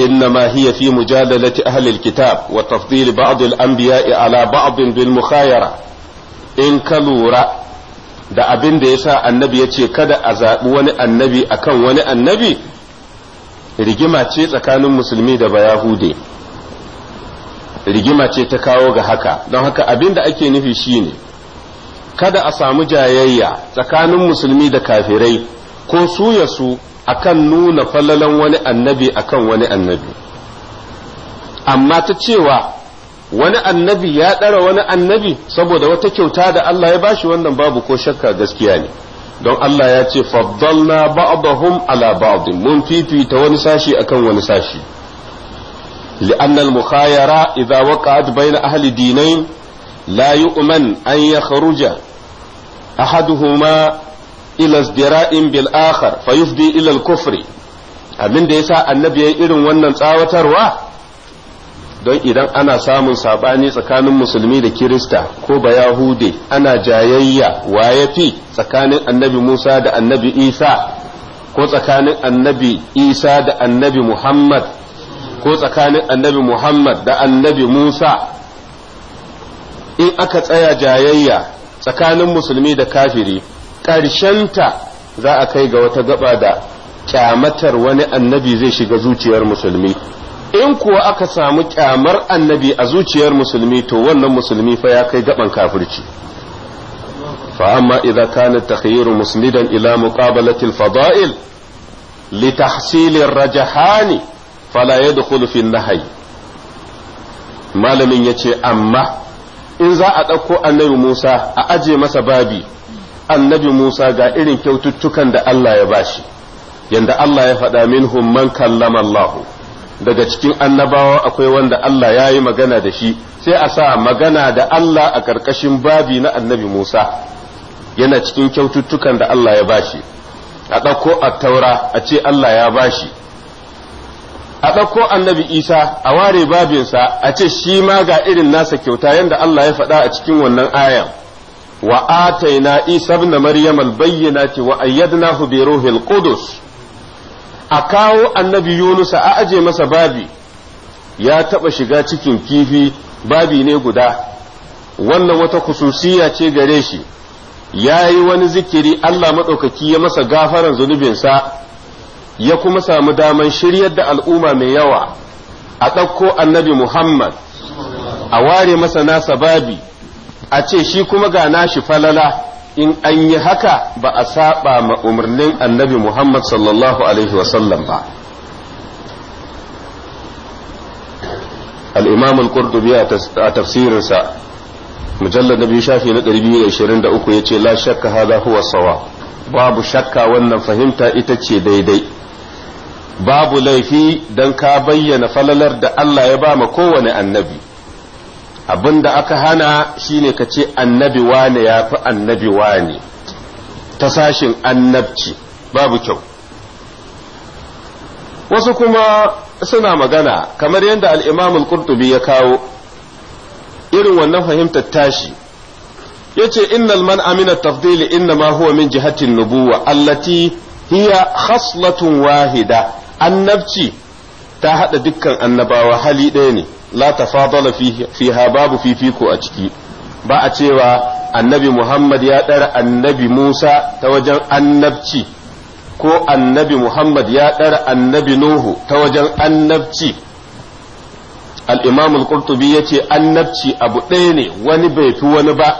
إنما هي في مجادلة أهل الكتاب وتفضيل بعض الأنبياء على بعض بالمخايرة in ka lura da abin da ya sa annabi ya ce kada a zaɓi wani annabi akan wani annabi rigima ce tsakanin musulmi da bayahude rigima ce ta kawo ga haka don haka abin da ake nufi shine kada a samu jayayya tsakanin musulmi da kafirai ko su ya su akan nuna fallalan wani annabi akan wani annabi amma ta cewa wani annabi ya ɗara wani annabi saboda wata kyauta da Allah ya bashi wannan babu ko shakka gaskiya ne don Allah ya ce faddalna ba'dahum ala ba'd mun fifita wani sashi akan wani sashi لأن المخايرة إذا وقعت بين أهل دينين لا يؤمن أن يخرج أحدهما إلى ازدراء بالآخر فيفضي إلى الكفر abin da yasa annabi ya irin wannan tsawatarwa don idan ana samun saɓani tsakanin musulmi da kirista ko ba yahude ana jayayya waye fi tsakanin annabi musa da annabi isa ko tsakanin annabi isa da annabi muhammad ko tsakanin annabi muhammad da annabi musa in aka tsaya jayayya tsakanin musulmi da kafiri ƙarshenta za a kai ga wata gaba da kyamatar wani annabi zai shiga zuciyar musulmi in kuwa aka samu kyamar annabi a zuciyar musulmi to wannan musulmi fa ya kai gaban kafirci fa amma idza kana takhayyiru musnidan ila muqabalati al-fada'il li tahsil ar-rajahani fala yadkhulu fi an-nahy malamin yace amma in za a ɗauko annabi Musa a aje masa babi annabi Musa ga irin kyaututtukan da Allah ya bashi yanda Allah ya faɗa minhum man kallama Allahu daga cikin annabawa akwai wanda Allah ya yi magana da shi sai a sa magana da Allah a ƙarƙashin babi na annabi Musa yana cikin kyaututtukan da Allah ya bashi a ɗauko a taura a ce Allah ya bashi a ɗauko annabi Isa a ware babinsa a ce shi ma ga irin nasa kyauta yadda Allah ya faɗa a cikin wannan ayan wa ataina Isa ibn Maryam al-bayyinati wa ayyadnahu bi ruhil qudus a kawo annabi yunus a aje masa babi ya taɓa shiga cikin kifi babi ne guda wannan wata kususiya ce gare shi ya yi wani zikiri Allah maɗaukaki ya masa gafaran zunubinsa ya kuma samu daman shiryar da al'umma mai yawa a ɗauko annabi Muhammad a ware masa nasa babi a ce shi kuma ga nashi falala in an yi haka ba a saɓa ma umarnin annabi Muhammad sallallahu alaihi wasallam ba al-imam al a tafsirinsa mujallar na biyu shafi na 223 yace la shakka hadha huwa sawa babu shakka wannan fahimta ita ce daidai babu laifi dan ka bayyana falalar da Allah ya bama ma kowane annabi abin da aka hana shine ka ce annabi wane ya fi annabi wane ta sashin annabci babu kyau wasu kuma suna magana kamar yadda al'imamul qurtubi ya kawo irin wannan fahimtar tashi ya ce innal man amina tafdili inna ma huwa min jihatin nubuwa allati hiya khaslatun wahida annabci ta haɗa dukkan annabawa hali ɗaya ne la tafadala fiha babu fifiko a ciki ba a cewa annabi Muhammad ya ɗara annabi Musa ta wajen annabci ko annabi Muhammad ya ɗara annabi Nuhu ta wajen annabci al'imamul al-Qurtubi ya ce annabci abu ɗaya ne wani bai fi wani ba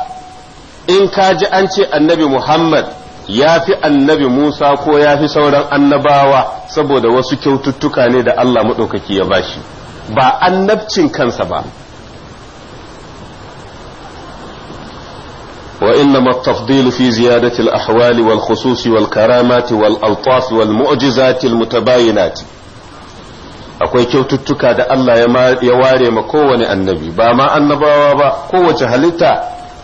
in ka ji an ce annabi Muhammad ya fi annabi Musa ko ya fi sauran annabawa saboda wasu kyaututtuka ne da Allah maɗaukaki ya bashi. shi ba annabcin kansa ba وإنما التفضيل في زيادة الأحوال والخصوص والكرامات والألطاف والمعجزات المتباينات akwai kyaututtuka da Allah ya ware ma kowane annabi ba ma annabawa ba kowace halitta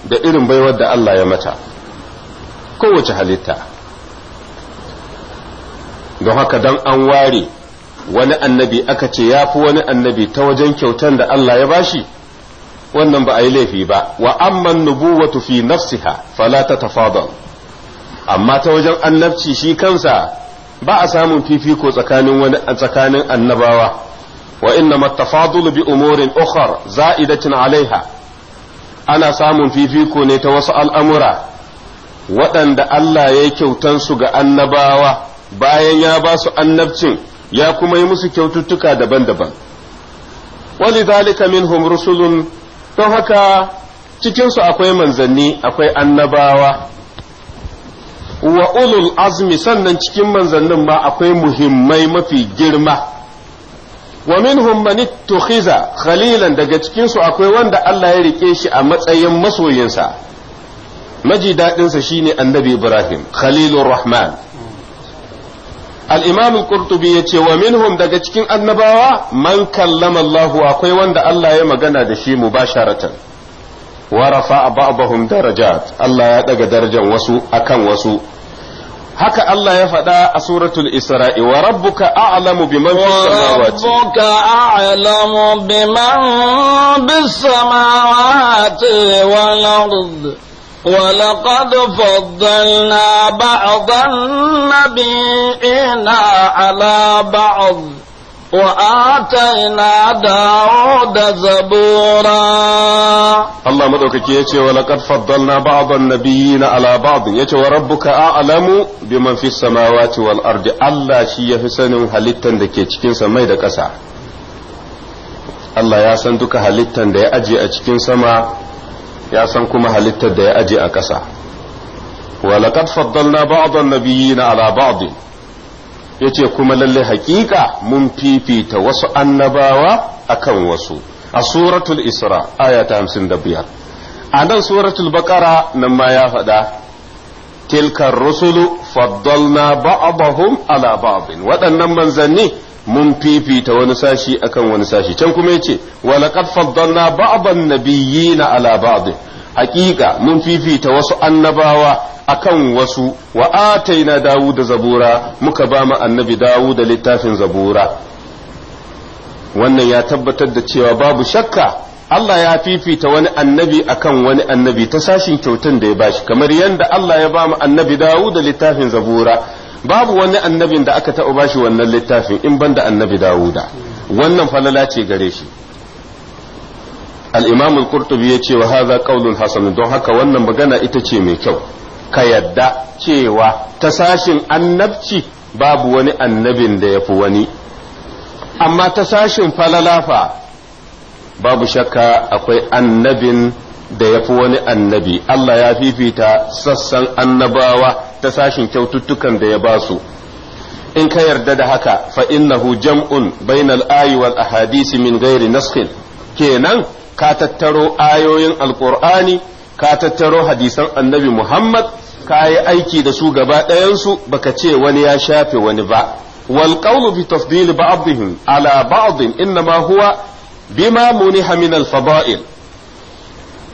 da irin baiwar da Allah ya mata kowace halitta don haka don an ware wani annabi aka ce ya fi wani annabi ta wajen kyautan da Allah ya bashi wannan ba a yi laifi ba wa amman nubuwatu fi nafsiha fala ta tafadal amma ta wajen annabci shi kansa ba a samun fifiko tsakanin wani tsakanin annabawa wa inna mataFadul bi umurin ukhar za'idatin alaiha ana samun fifiko ne ta wasu al'amura waɗanda Allah ya yi kyautansu ga annabawa bayan ya ba su annabcin ya kuma yi musu kyaututtuka daban-daban wani zalika minhum rusulun don haka cikinsu akwai manzanni akwai annabawa wa ulul azmi sannan cikin manzannin ma akwai muhimmai mafi girma wa min man ittukhiza khalilan daga cikinsu akwai wanda Allah ya rike shi a matsayin masoyinsa maji daɗinsa shine annabi Ibrahim khalilur rahman al-imam al-qurtubi yace wa minhum daga cikin annabawa man kallama Allah akwai wanda Allah ya magana da shi mu mubasharatan wa rafa'a ba'dahum daraja Allah ya daga darajar wasu akan wasu haka Allah ya faɗa a suratul Isra'i wa rabbuka a'lamu biman fis samawati rabbuka a'lamu biman fis samawati wal ولقد فضلنا بعض النبيين على بعض وآتينا داود زبورا الله مدوكك يتي ولقد فضلنا بعض النبيين على بعض يتي وربك أعلم بمن في السماوات والأرض الله شي في سنة هلتا دكي تكين سمي دكسا الله يا سندك هلتا دي أجي أتكين سما ya san kuma halittar da ya aje a ƙasa walaƙad faddalna ba'dhan nabiyina ala ba'd yace kuma lalle haƙiƙa mun fifita wasu annabawa akan wasu a suratul isra aya ta 55 a nan suratul baqara nan ma ya faɗa tilka rusulu faddalna ba'dahum ala ba'd waɗannan manzanni mun fifita wani sashi akan wani sashi can kuma yace wa laqad faddalna ba'dan nabiyyina ala ba'd haqiqa mun fifita wasu annabawa akan wasu wa ataina dawuda zabura muka ba mu annabi dawuda littafin zabura wannan ya tabbatar da cewa babu shakka Allah ya fifita wani annabi akan wani annabi ta sashin kyautan da ya bashi kamar yadda Allah ya ba mu annabi Dawud da littafin zabura babu wani annabin da aka taɓa bashi wannan littafin in banda annabi dawuda wannan falala ce gare shi al-imam al-qurtubi ya ce wa haza ƙaunin hasan don haka wannan magana ita ce mai kyau ka yadda cewa ta sashin annabci babu wani annabin da ya fi wani amma ta sashin falalafa babu shakka akwai annabin da ya fi wani annabi Allah ya fifita sassan annabawa ta sashin kyaututtukan da ya ba su in ka yarda da haka fa innahu jam'un bainal ayi wal ahadisi min gairi naskin. kenan ka tattaro ayoyin alqur'ani ka tattaro hadisan annabi Muhammad ka yi aiki da su gaba ɗayansu baka ce wani ya shafe wani ba wal qawlu bi tafdil ba'dihim ala ba'd innama huwa bima muniha min al fada'il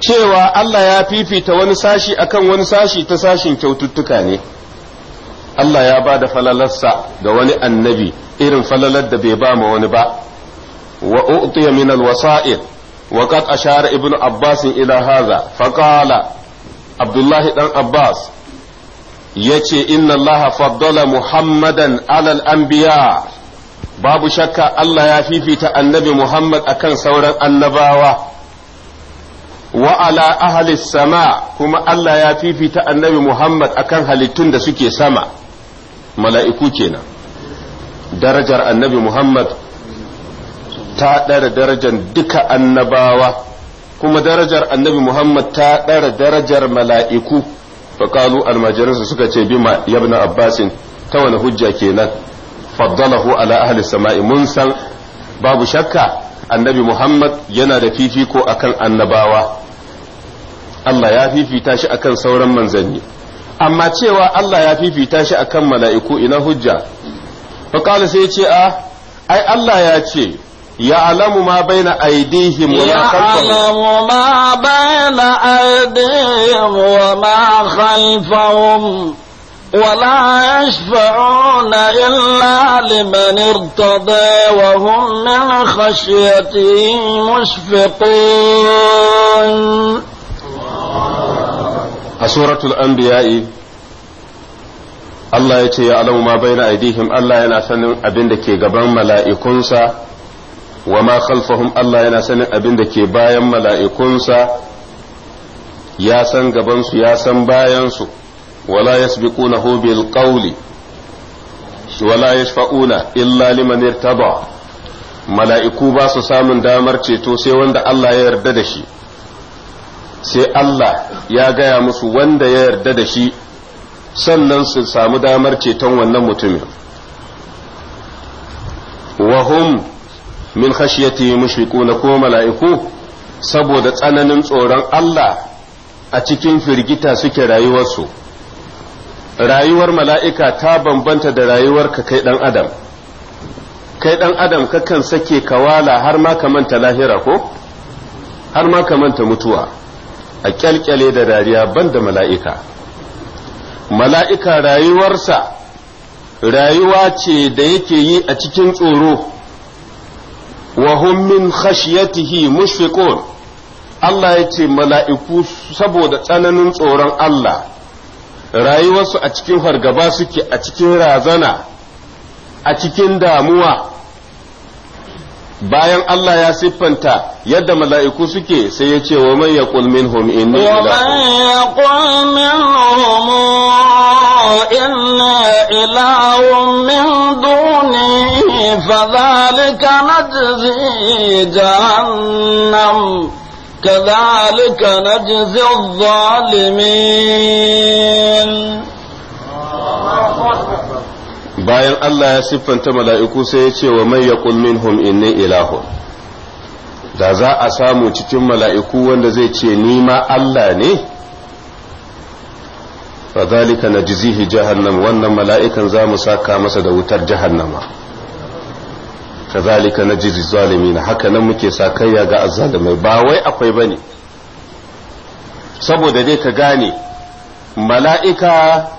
cewa Allah ya fifita wani sashi akan wani sashi ta sashin kyaututtuka ne Allah ya ba da falalarsa ga wani annabi irin falalar da bai ba ma wani ba wa u'tiya min alwasa'il wa qad ashara ibnu abbas ila hadha fa qala abdullahi dan abbas yace inna allaha faddala muhammadan ala al-anbiya babu shakka Allah ya fifita annabi muhammad akan sauran annabawa wa ala ahli sama kuma Allah ya fifita annabi Muhammad akan halittun da suke sama mala'iku kenan darajar annabi Muhammad ta ɗara darajar duka annabawa kuma darajar annabi Muhammad ta ɗara darajar mala'iku faƙalu almajiransa suka ce bima yabna abbasin ta wani hujja kenan faddalahu ala ahli sama'i mun san babu shakka annabi Muhammad yana da fifiko akan annabawa Allah ya fifita shi akan sauran manzanni amma cewa Allah ya fifita shi akan mala'iku ina hujja faƙala sai ce a ah, ai Allah ya ce يعلم ما بين أيديهم وما خلفهم يعلم ما ولا يشفعون إلا لمن ارتضى وهم من خشيته مشفقون a suratul anbiya'i Allah ya ce ya alamu ma bai na aidihim Allah yana sanin abin da ke gaban mala'ikunsa wa ma khalfahum Allah yana sanin abin da ke bayan mala'ikunsa ya san gabansu ya san bayansu wala yasbiqunahu bil qawli wala yashfa'una illa liman irtaba mala'iku ba su samun damar ceto sai wanda Allah ya yarda da shi sai Allah ya gaya musu wanda ya yarda da shi sannan su samu damar ceton wannan mutumin wahum min khashyati mushrikuna ko mala'iku saboda tsananin tsoron Allah a cikin firgita suke rayuwarsu rayuwar mala'ika ta bambanta da rayuwarka kai ɗan adam kai ɗan adam kakan sake kawala har ma ka manta lahira ko har ma ka manta mutuwa a kyalkyale da dariya banda mala'ika mala'ika rayuwarsa rayuwa ce da yake yi a cikin tsoro wa hum min khashyatihi mushfiqun Allah ya ce mala'iku saboda tsananin tsoron Allah rayuwarsu a cikin fargaba suke a cikin razana a cikin damuwa bayan Allah ya siffanta yadda mala'iku suke sai ya ce wa man yaqul minhum inni wa man yaqul minhum inna ilahun min duni fadhalika najzi jahannam كذلك نجزي bayan Allah ya siffanta mala'iku sai ya ce wa mai ya minhum inni ilahu da za a samu cikin mala'iku wanda zai ce ni ma Allah ne fadhalika na jizihi jahannam wannan mala'ikan za mu saka masa da wutar jahannama kazalika na jizi zalimi na haka nan muke sakayya ga azalimai ba wai akwai ba ne saboda dai ka gane mala'ika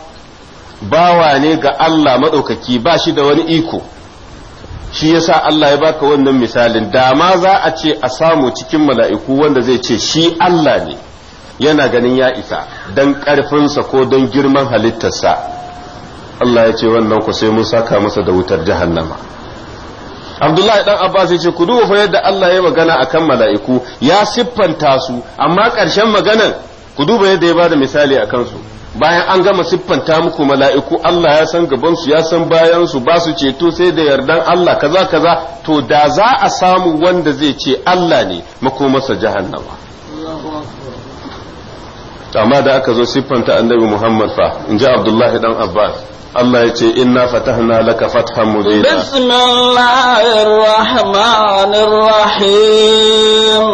bawa ne ga Allah maɗaukaki ba shi da wani iko shi yasa Allah ya baka wannan misalin da ma za a ce a samu cikin mala'iku wanda zai ce shi Allah ne yana ganin ya isa don ƙarfinsa ko don girman halittarsa Allah ya ce wannan ku sai mun saka masa da wutar jahannama Abdullahi dan Abbas ya ce ku duba fa yadda Allah ya magana akan mala'iku ya siffanta su amma ƙarshen maganan ku duba yadda ya bada misali akan su bayan an gama siffanta muku mala'iku Allah ya san gabansu ya san bayansu ba su ceto sai da yardan Allah kaza kaza to da za a samu wanda zai ce Allah ne makomarsa jahannama amma da aka zo siffanta annabi Muhammad fa in ji Abdullahi dan Abbas Allah ya ce inna fatahna laka fathan mubina bismillahir rahmanir rahim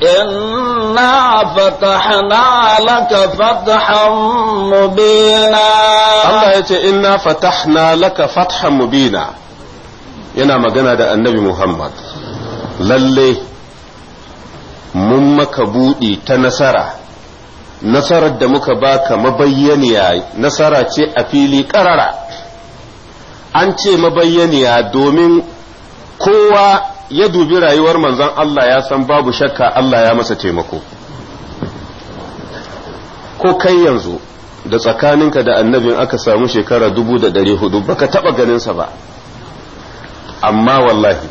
inna fatahna laka fathan mubina Allah ya ce inna fatahna laka fathan mubina yana magana da annabi Muhammad lalle mun maka buɗi ta nasara nasarar da muka baka mabayyaniya nasara ce a fili karara an ce mabayyaniya domin kowa ya dubi rayuwar manzon Allah ya san babu shakka Allah ya masa taimako ko kai yanzu da tsakaninka da annabin aka samu shekara dubu da ɗari hudu baka taɓa ganinsa ba amma wallahi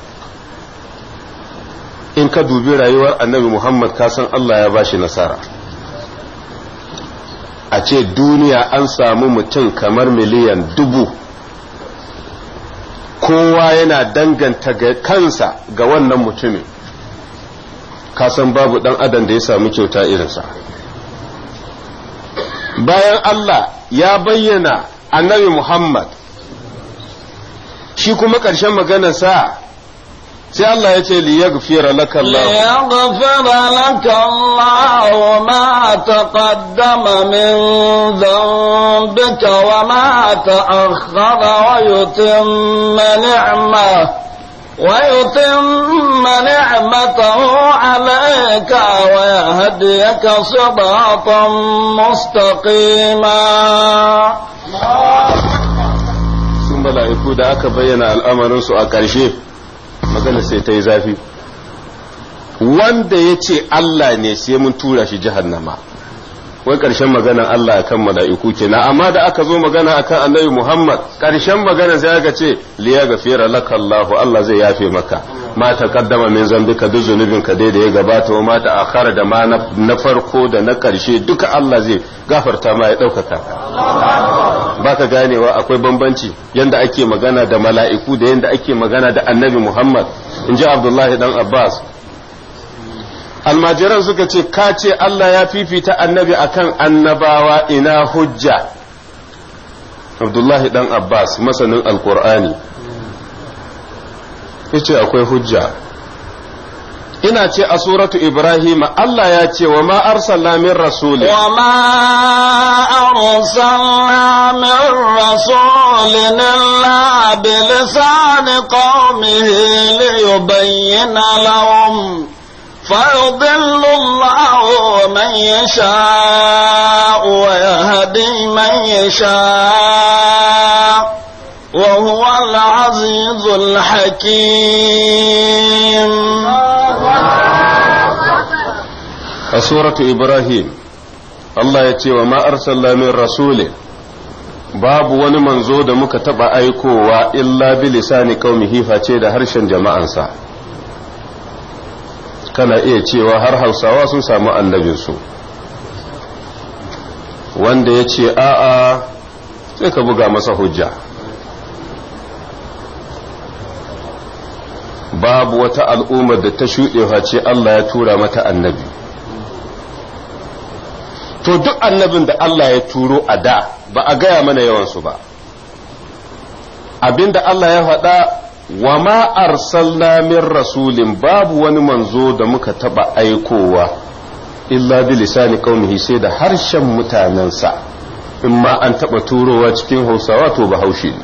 in ka dubi rayuwar annabi muhammad ka san Allah ya bashi nasara a ce duniya an samu mutum kamar miliyan dubu kowa yana danganta ga kansa ga wannan mutumin kasan babu dan adam da ya samu kyauta irinsa bayan Allah ya bayyana annabi Muhammad shi kuma ƙarshen maganarsa sai Allah ya ce liyaghfira laka Allah liyaghfira laka Allah ma taqaddama min dhanbika wa ma ta'akhkhara wa yutimma ni'mah ويتم نعمته عليك ويهديك صراطا مستقيما sun mala'iku da aka bayyana al'amarinsu a ƙarshe magana sai ta yi zafi wanda ya ce Allah ne sai mun tura shi jahannama wai ƙarshen magana Allah akan mala'iku na amma da aka zo magana akan annabi Muhammad ƙarshen magana sai aka ce liya ga laka Allah zai yafe maka ma kaddama min ka duk zunubin ka dai da ya gabata wa ma ta'akhara da ma na farko da na karshe duka Allah zai gafarta ma ya ka. baka ganewa akwai bambanci yanda ake magana da mala'iku da yanda ake magana da annabi Muhammad in ji Abdullahi dan Abbas almajiran suka ce ka ce Allah ya fifita annabi akan annabawa ina hujja Abdullahi dan Abbas masanin alkur'ani yace akwai hujja ina ce a suratu Ibrahim Allah ya ce wa ma arsalna min rasulin wa ma arsalna min rasulin illa bi lisani qaumihi li yubayyana lahum فيضل الله من يشاء ويهدي من يشاء وهو العزيز الحكيم سورة إبراهيم الله يتي وما أرسلنا من رسول باب wani manzo da muka taɓa aikowa illa bi lisani qaumihi face da harshen jama'ansa kana iya cewa har hausawa sun samu annabinsu wanda ya ce a'a sai ka buga masa hujja babu wata al'ummar da ta wa ce Allah ya tura mata annabi to duk annabin da Allah ya turo a da ba a gaya mana yawansu ba abinda Allah ya faɗa wa ma arsalna min rasulin babu wani manzo da muka taɓa aikowa illa bi lisani qaumihi sai da harshen mutanensa in ma an taɓa turowa cikin hausawa to bahaushe ne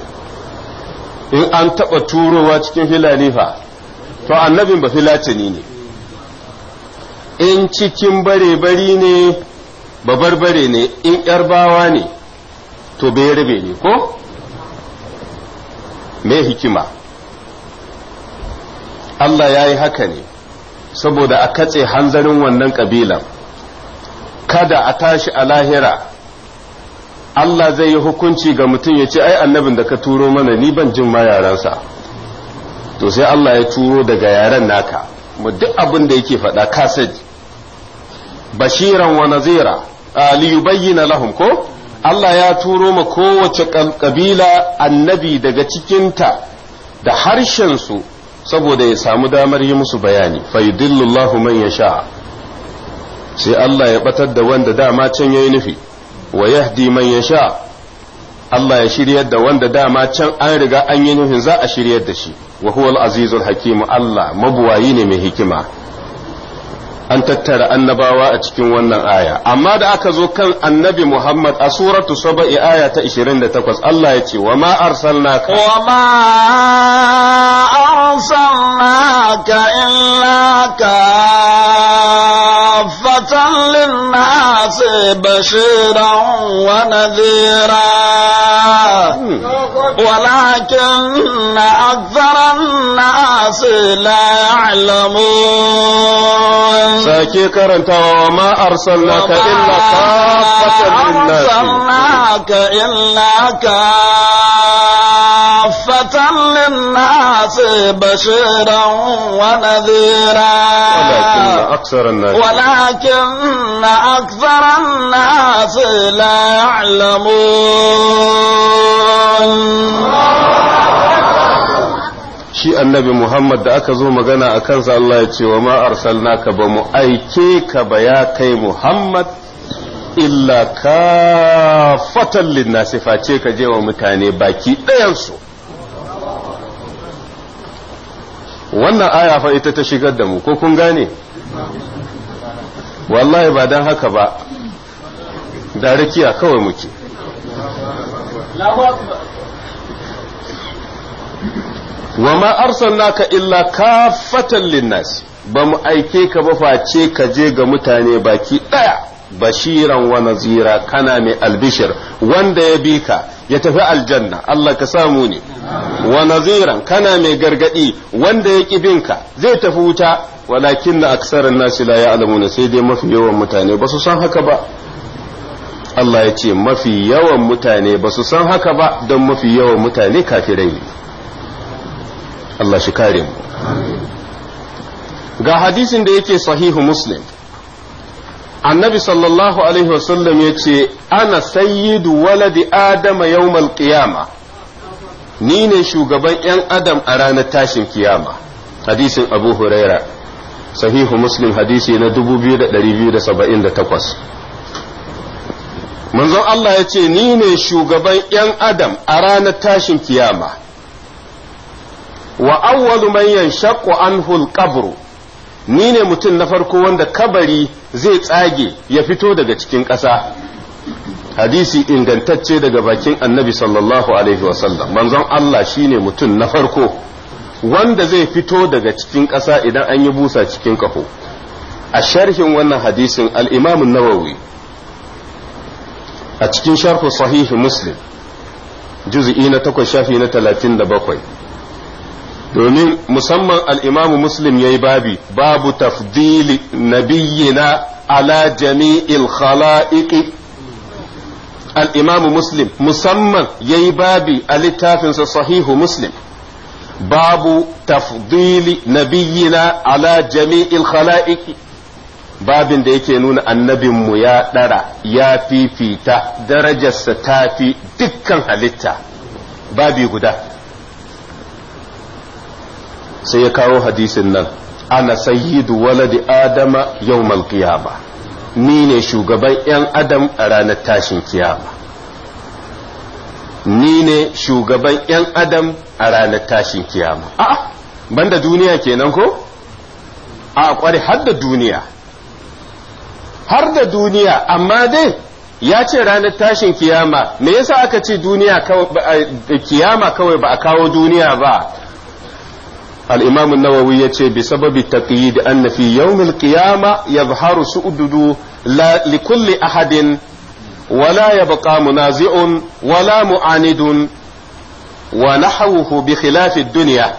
in an taɓa turowa cikin Hilalifa. to annabin ba filatini ne in cikin bare-bari ne bare ne in yarbawa ne to bai rabe ne ko me hikima Allah ya yi haka ne saboda a katse hanzarin wannan ƙabilan kada a tashi a lahira Allah zai yi hukunci ga mutum ya ce ai annabin da ka turo mana ni ban jin ma yaransa to sai Allah ya turo daga yaren naka mu duk abin da yake faɗa sani bashiran wa nazira ali yubayyana lahum ko Allah ya turo ma kowace kabila annabi daga cikinta da harshen su saboda ya samu damar yi musu bayani fa yudillullahu man yasha sai Allah ya batar da wanda dama can yayi nufi wa yahdi man yasha Allah ya shiryar da wanda dama can an riga an yi nufin za a shiryar da shi wa huwa al-azizul hakim Allah mabuwayi ne mai hikima an tattara annabawa a cikin wannan aya amma da aka zo kan annabi Muhammad a suratu saba'i aya ta 28 Allah ya ce wa ma ka. wa ma ka illa kafatan linnas bashiran wa nadhira ولكن أكثر الناس لا يعلمون sake karantawa wa ma arsalnaka illa kafatan linnas arsalnaka illa kafatan linnas bashiran wa nadhira walakin akthar an-nas walakin akthar an-nas la ya'lamun shi annabi Muhammad da aka zo magana a kansa Allah ya ce wa ma ka ba mu aike ka ba ya kai Muhammad illa ka fatan linnasi face ka je wa mutane baki ɗayansu wannan aya fa ita ta shigar da mu ko kun gane wallahi ba don haka ba da rakiya kawai muke wa ma arsalnaka illa kafatan nas ba mu aike ka ba face ka je ga mutane baki daya bashiran wa nazira kana mai albishir wanda ya bika ya tafi aljanna Allah ka samu ne wa naziran kana mai gargadi wanda ya ki binka zai tafi wuta walakin na aksarin nasi la ya'lamuna sai dai mafi yawan mutane ba su san haka ba Allah ya ce mafi yawan mutane ba su san haka ba don mafi yawan mutane kafirai ne Allah shi kare mu ga hadisin da yake sahihu muslim annabi sallallahu alaihi wasallam ya ce ana sayyidu waladi adama yawmal qiyama ni ne shugaban 'yan adam a ranar tashin kiyama hadisin abu huraira sahihu muslim hadisi na 2278 manzon Allah ya ce ni ne shugaban 'yan adam a ranar tashin kiyama wa awwalu man yanshaqqu anhu al-qabru ni ne mutum na farko wanda kabari zai tsage ya fito daga cikin ƙasa hadisi ingantacce daga bakin annabi sallallahu alaihi wasallam manzon Allah shine mutum na farko wanda zai fito daga cikin ƙasa idan an yi busa cikin kafo a sharhin wannan hadisin al-imamun nawawi a cikin sharhu sahihi muslim juz'i na takwas shafi na talatin da bakwai domin musamman al'imamu muslim ya yi babi babu tafdili nabiyyina ala jami'il khala'iqi al'imamu muslim musamman ya yi babi a littafinsa sahihu muslim babu tafdili nabiyyina ala jami'il khala'iqi babin da yake nuna annabinmu ya ɗara ya fifita darajarsa ta fi dukkan halitta babi guda sai ya kawo hadisin nan ana sayyidu waladi adama yawmal qiyama ni ne shugaban yan adam a ranar tashin kiyama ni ne shugaban yan adam a ranar tashin kiyama a banda duniya kenan ko a kware har da duniya har da duniya amma dai ya ce ranar tashin kiyama me yasa aka ce duniya eh, kiyama kawai ba a kawo duniya ba Al'imamin al-imam an-nawawi yace bi sababi taqyid anna fi yawm wala qiyama yadhharu su'dudu li kulli ahadin ولا يبقى منازع ولا معاند ونحوه بخلاف الدنيا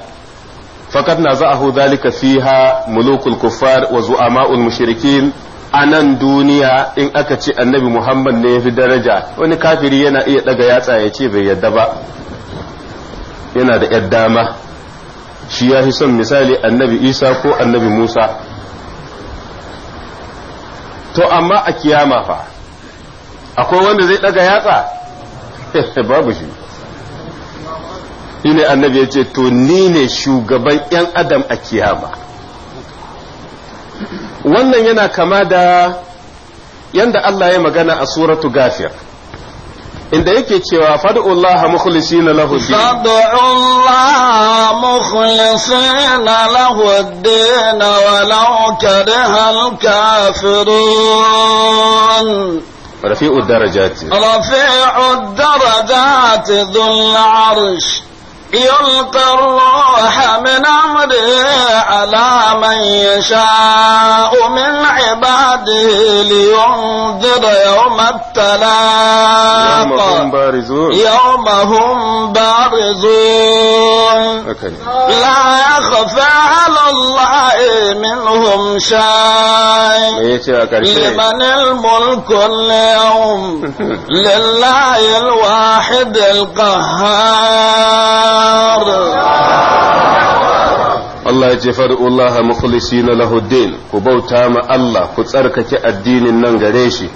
فقد نزعه ذلك فيها ملوك الكفار وزعماء المشركين a nan duniya in aka ce annabi Muhammad ne ya fi daraja wani kafiri yana iya daga yatsa ya ce bai yarda ba yana da yar dama shi ya fi son misali annabi isa ko annabi musa to amma a kiyama fa akwai wanda zai daga yatsa babu shi ne annabi ya ce to ni ne shugaban 'yan adam a kiyama wannan yana kama da yanda Allah ya magana a suratu gafir inda yake cewa fad'ullaha mukhlisina lahu din fad'ullaha mukhlisina lahu din walau karihal kafirun رفيع الدرجات رفيع الدرجات ذو العرش يلقى الروح من أمره على من يشاء من عباده يده لينذر يوم التلاق يوم هم بارزون يوم هم بارزون لا يخفى على الله منهم شيء لمن الملك اليوم لله الواحد القهار Allah ya ce laha mukhlisina na din ku bauta ma Allah ku tsarkake addinin nan gare shi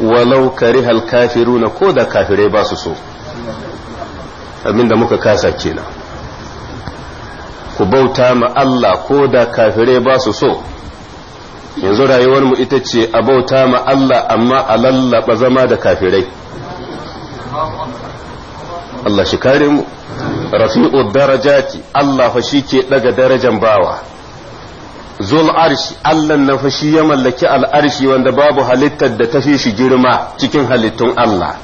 walau karihal kafiruna ko da kafirai ba su so abinda muka kasa kenan ku bauta ma Allah ko da kafirai ba su so yanzu rayuwarmu ita ce a bauta ma Allah amma a lallaba zama da kafirai Allah shi kare mu rafi'u darajati Allah fa shi ke daga darajan bawa zul arshi Allah na fa shi ya mallaki al'arshi wanda babu halittar da tafi shi girma cikin halittun Allah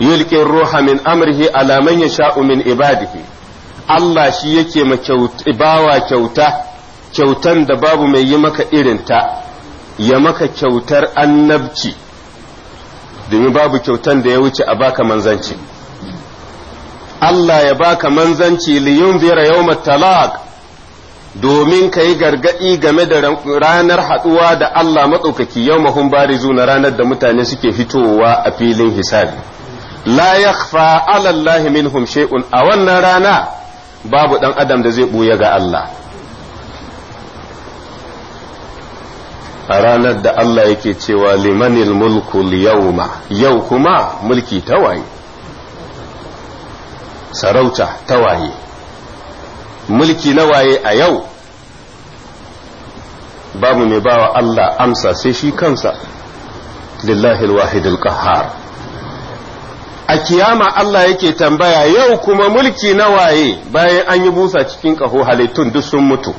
yulqi ruha min amrihi ala man yasha'u min ibadihi Allah shi yake ma bawa kyauta kyautan da babu mai yi maka irinta ya maka kyautar annabci domin babu kyautan da ya wuce a baka manzanci Allah ya baka manzanci liyun zira yau talaq domin ka yi gargaɗi game da ranar haɗuwa da Allah matsaukaki yau mahun barizu na ranar da mutane suke fitowa a filin hisabi. La ya fa alallahi minhum shay'un a wannan rana babu ɗan adam da zai ɓuya ga Allah. A ranar da Allah yake cewa limanil mulku ma yau kuma mulki ta waye. sarauta ta waye mulki na waye a yau babu mai bawa Allah amsa sai shi kansa lillahi alwahidul qahhar a kiyama Allah yake tambaya yau kuma mulki na waye bayan an yi busa cikin ƙaho halittun duk sun mutu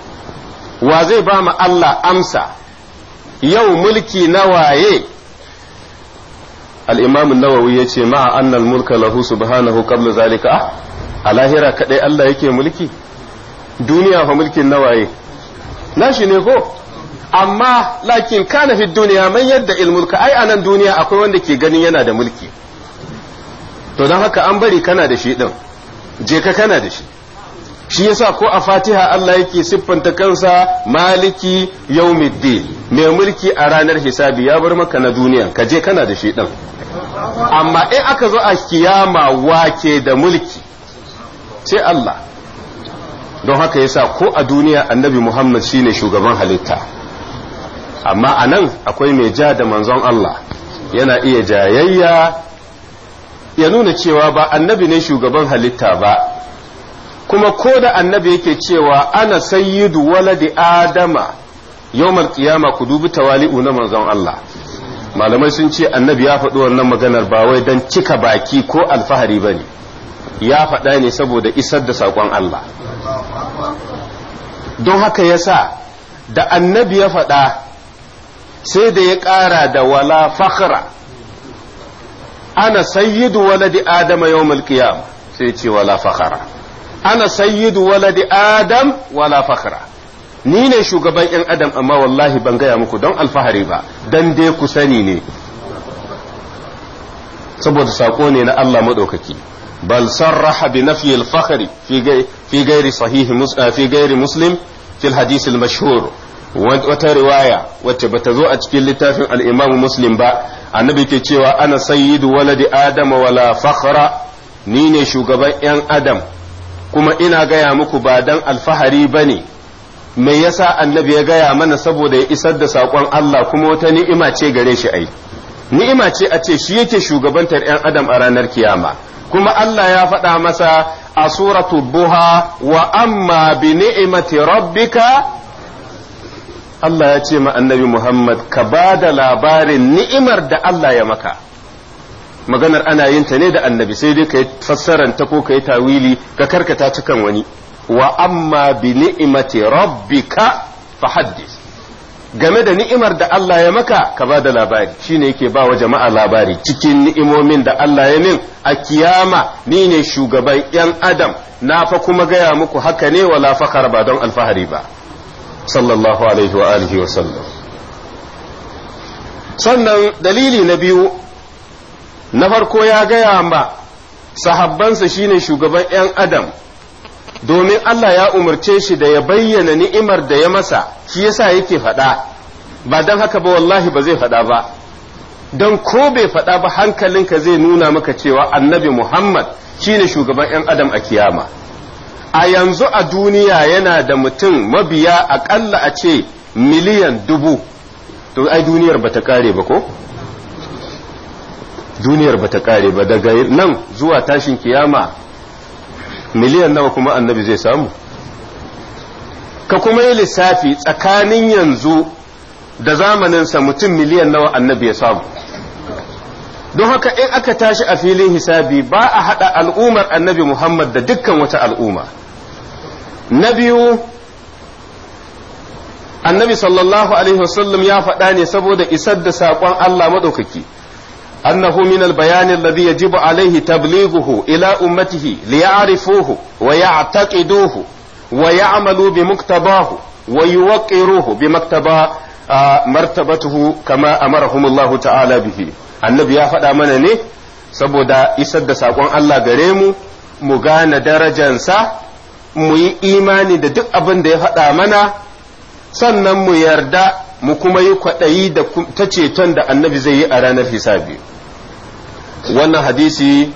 wa zai ba mu Allah amsa yau mulki na waye al-imam an-nawawi yace ma'a annal mulka lahu subhanahu qabla zalika a lahira kaɗai Allah yake mulki duniya fa mulkin nawaye nashi ne ko amma lakin kana fi duniya man yadda ilmulka ai anan duniya akwai wanda ke ganin yana da mulki to don haka an bari kana da shi din je ka kana da shi shi yasa ko a fatiha Allah yake siffanta kansa maliki yawmiddin mai mulki a ranar hisabi ya bar maka na duniya ka je kana da shi din amma in aka zo a kiyama wake da mulki sai Allah don haka yasa ko a duniya annabi Muhammad shine shugaban halitta amma a nan akwai mai ja da manzon Allah yana iya jayayya ya nuna cewa ba annabi ne shugaban halitta ba kuma ko da annabi yake cewa ana sayyidu waladi adama yawmal qiyama ku dubi tawali'u na manzon Allah malamai sun ce annabi ya faɗi wannan maganar ba wai don cika baki ko alfahari bane ya faɗa ne saboda isar da saƙon Allah don haka ya sa da annabi ya faɗa sai da ya ƙara da wala fakhra ana sayyidu waladi adama yau qiyam sai ce wala fakhra ana sayyidu waladi adam wala fakhra ni ne shugaban yan adam amma wallahi ban gaya muku don alfahari ba don dai ku sani ne saboda saƙo ne na Allah maɗaukaki bal rahabi bi nafi al-fakhri fi gairi sahih fi gairi muslim fil hadith al wata riwaya wacce bata zo a cikin littafin al-imam muslim ba annabi ke cewa ana sayyidu waladi adama wala fakhra ni ne shugaban yan adam kuma ina gaya muku ba dan alfahari bane me yasa annabi ya gaya mana saboda ya isar da sakon Allah kuma wata ni'ima ce gare shi ai ni'ima ce a ce shi yake shugabantar 'yan adam a ranar kiyama kuma Allah ya faɗa masa a suratu buha wa amma bi ni'imati rabbika Allah ya ce ma annabi Muhammad ka ba da labarin ni'imar da Allah ya maka maganar ana yin ta ne da annabi sai dai ka yi ta ko ka yi tawili ka karkata cikan wani wa amma bi ni'imati rabbika haddis. game da ni'imar da Allah ya maka ka ba da labari shine yake ba wa jama'a labari cikin ni'imomin da Allah ya min a kiyama ni ne shugaban yan adam na fa kuma gaya muku haka ne wala fakar ba don alfahari ba sallallahu alaihi wa alihi wa sallam sannan dalili na biyu na farko ya gaya ma sahabbansa shine shugaban yan adam domin Allah ya umarce shi da ya bayyana ni'imar da ya masa shi yasa yake faɗa ba don haka ba wallahi ba zai faɗa ba don ko bai faɗa ba hankalinka zai nuna maka cewa annabi Muhammad shine shugaban 'yan adam a kiyama a yanzu a duniya yana da mutum mabiya aƙalla a ce miliyan dubu to ai duniyar ba ta kare ba ko duniyar ba ta kare ba daga nan zuwa tashin kiyama miliyan nawa kuma annabi zai samu ka kuma yi lissafi tsakanin yanzu da zamaninsa mutum miliyan nawa annabi ya samu don haka in aka tashi a filin hisabi ba a haɗa al'ummar annabi muhammad da dukkan wata al'umma na biyu annabi sallallahu alaihi wasallam ya faɗa ne saboda isar da saƙon allah maɗaukaki أنه من البيان الذي يجب عليه تبليغه إلى أمته ليعرفوه ويعتقدوه ويعملوا بمقتضاه ويوقروه بمقتضى مرتبته كما أمرهم الله تعالى به النبي يا فدا mana ne saboda isar da saƙon Allah gare mu mu gane darajansa mu yi imani da duk abin da ya faɗa mana sannan mu yarda mu kuma yi kwaɗayi ta ceton da annabi zai yi a ranar hisabi. wannan hadisi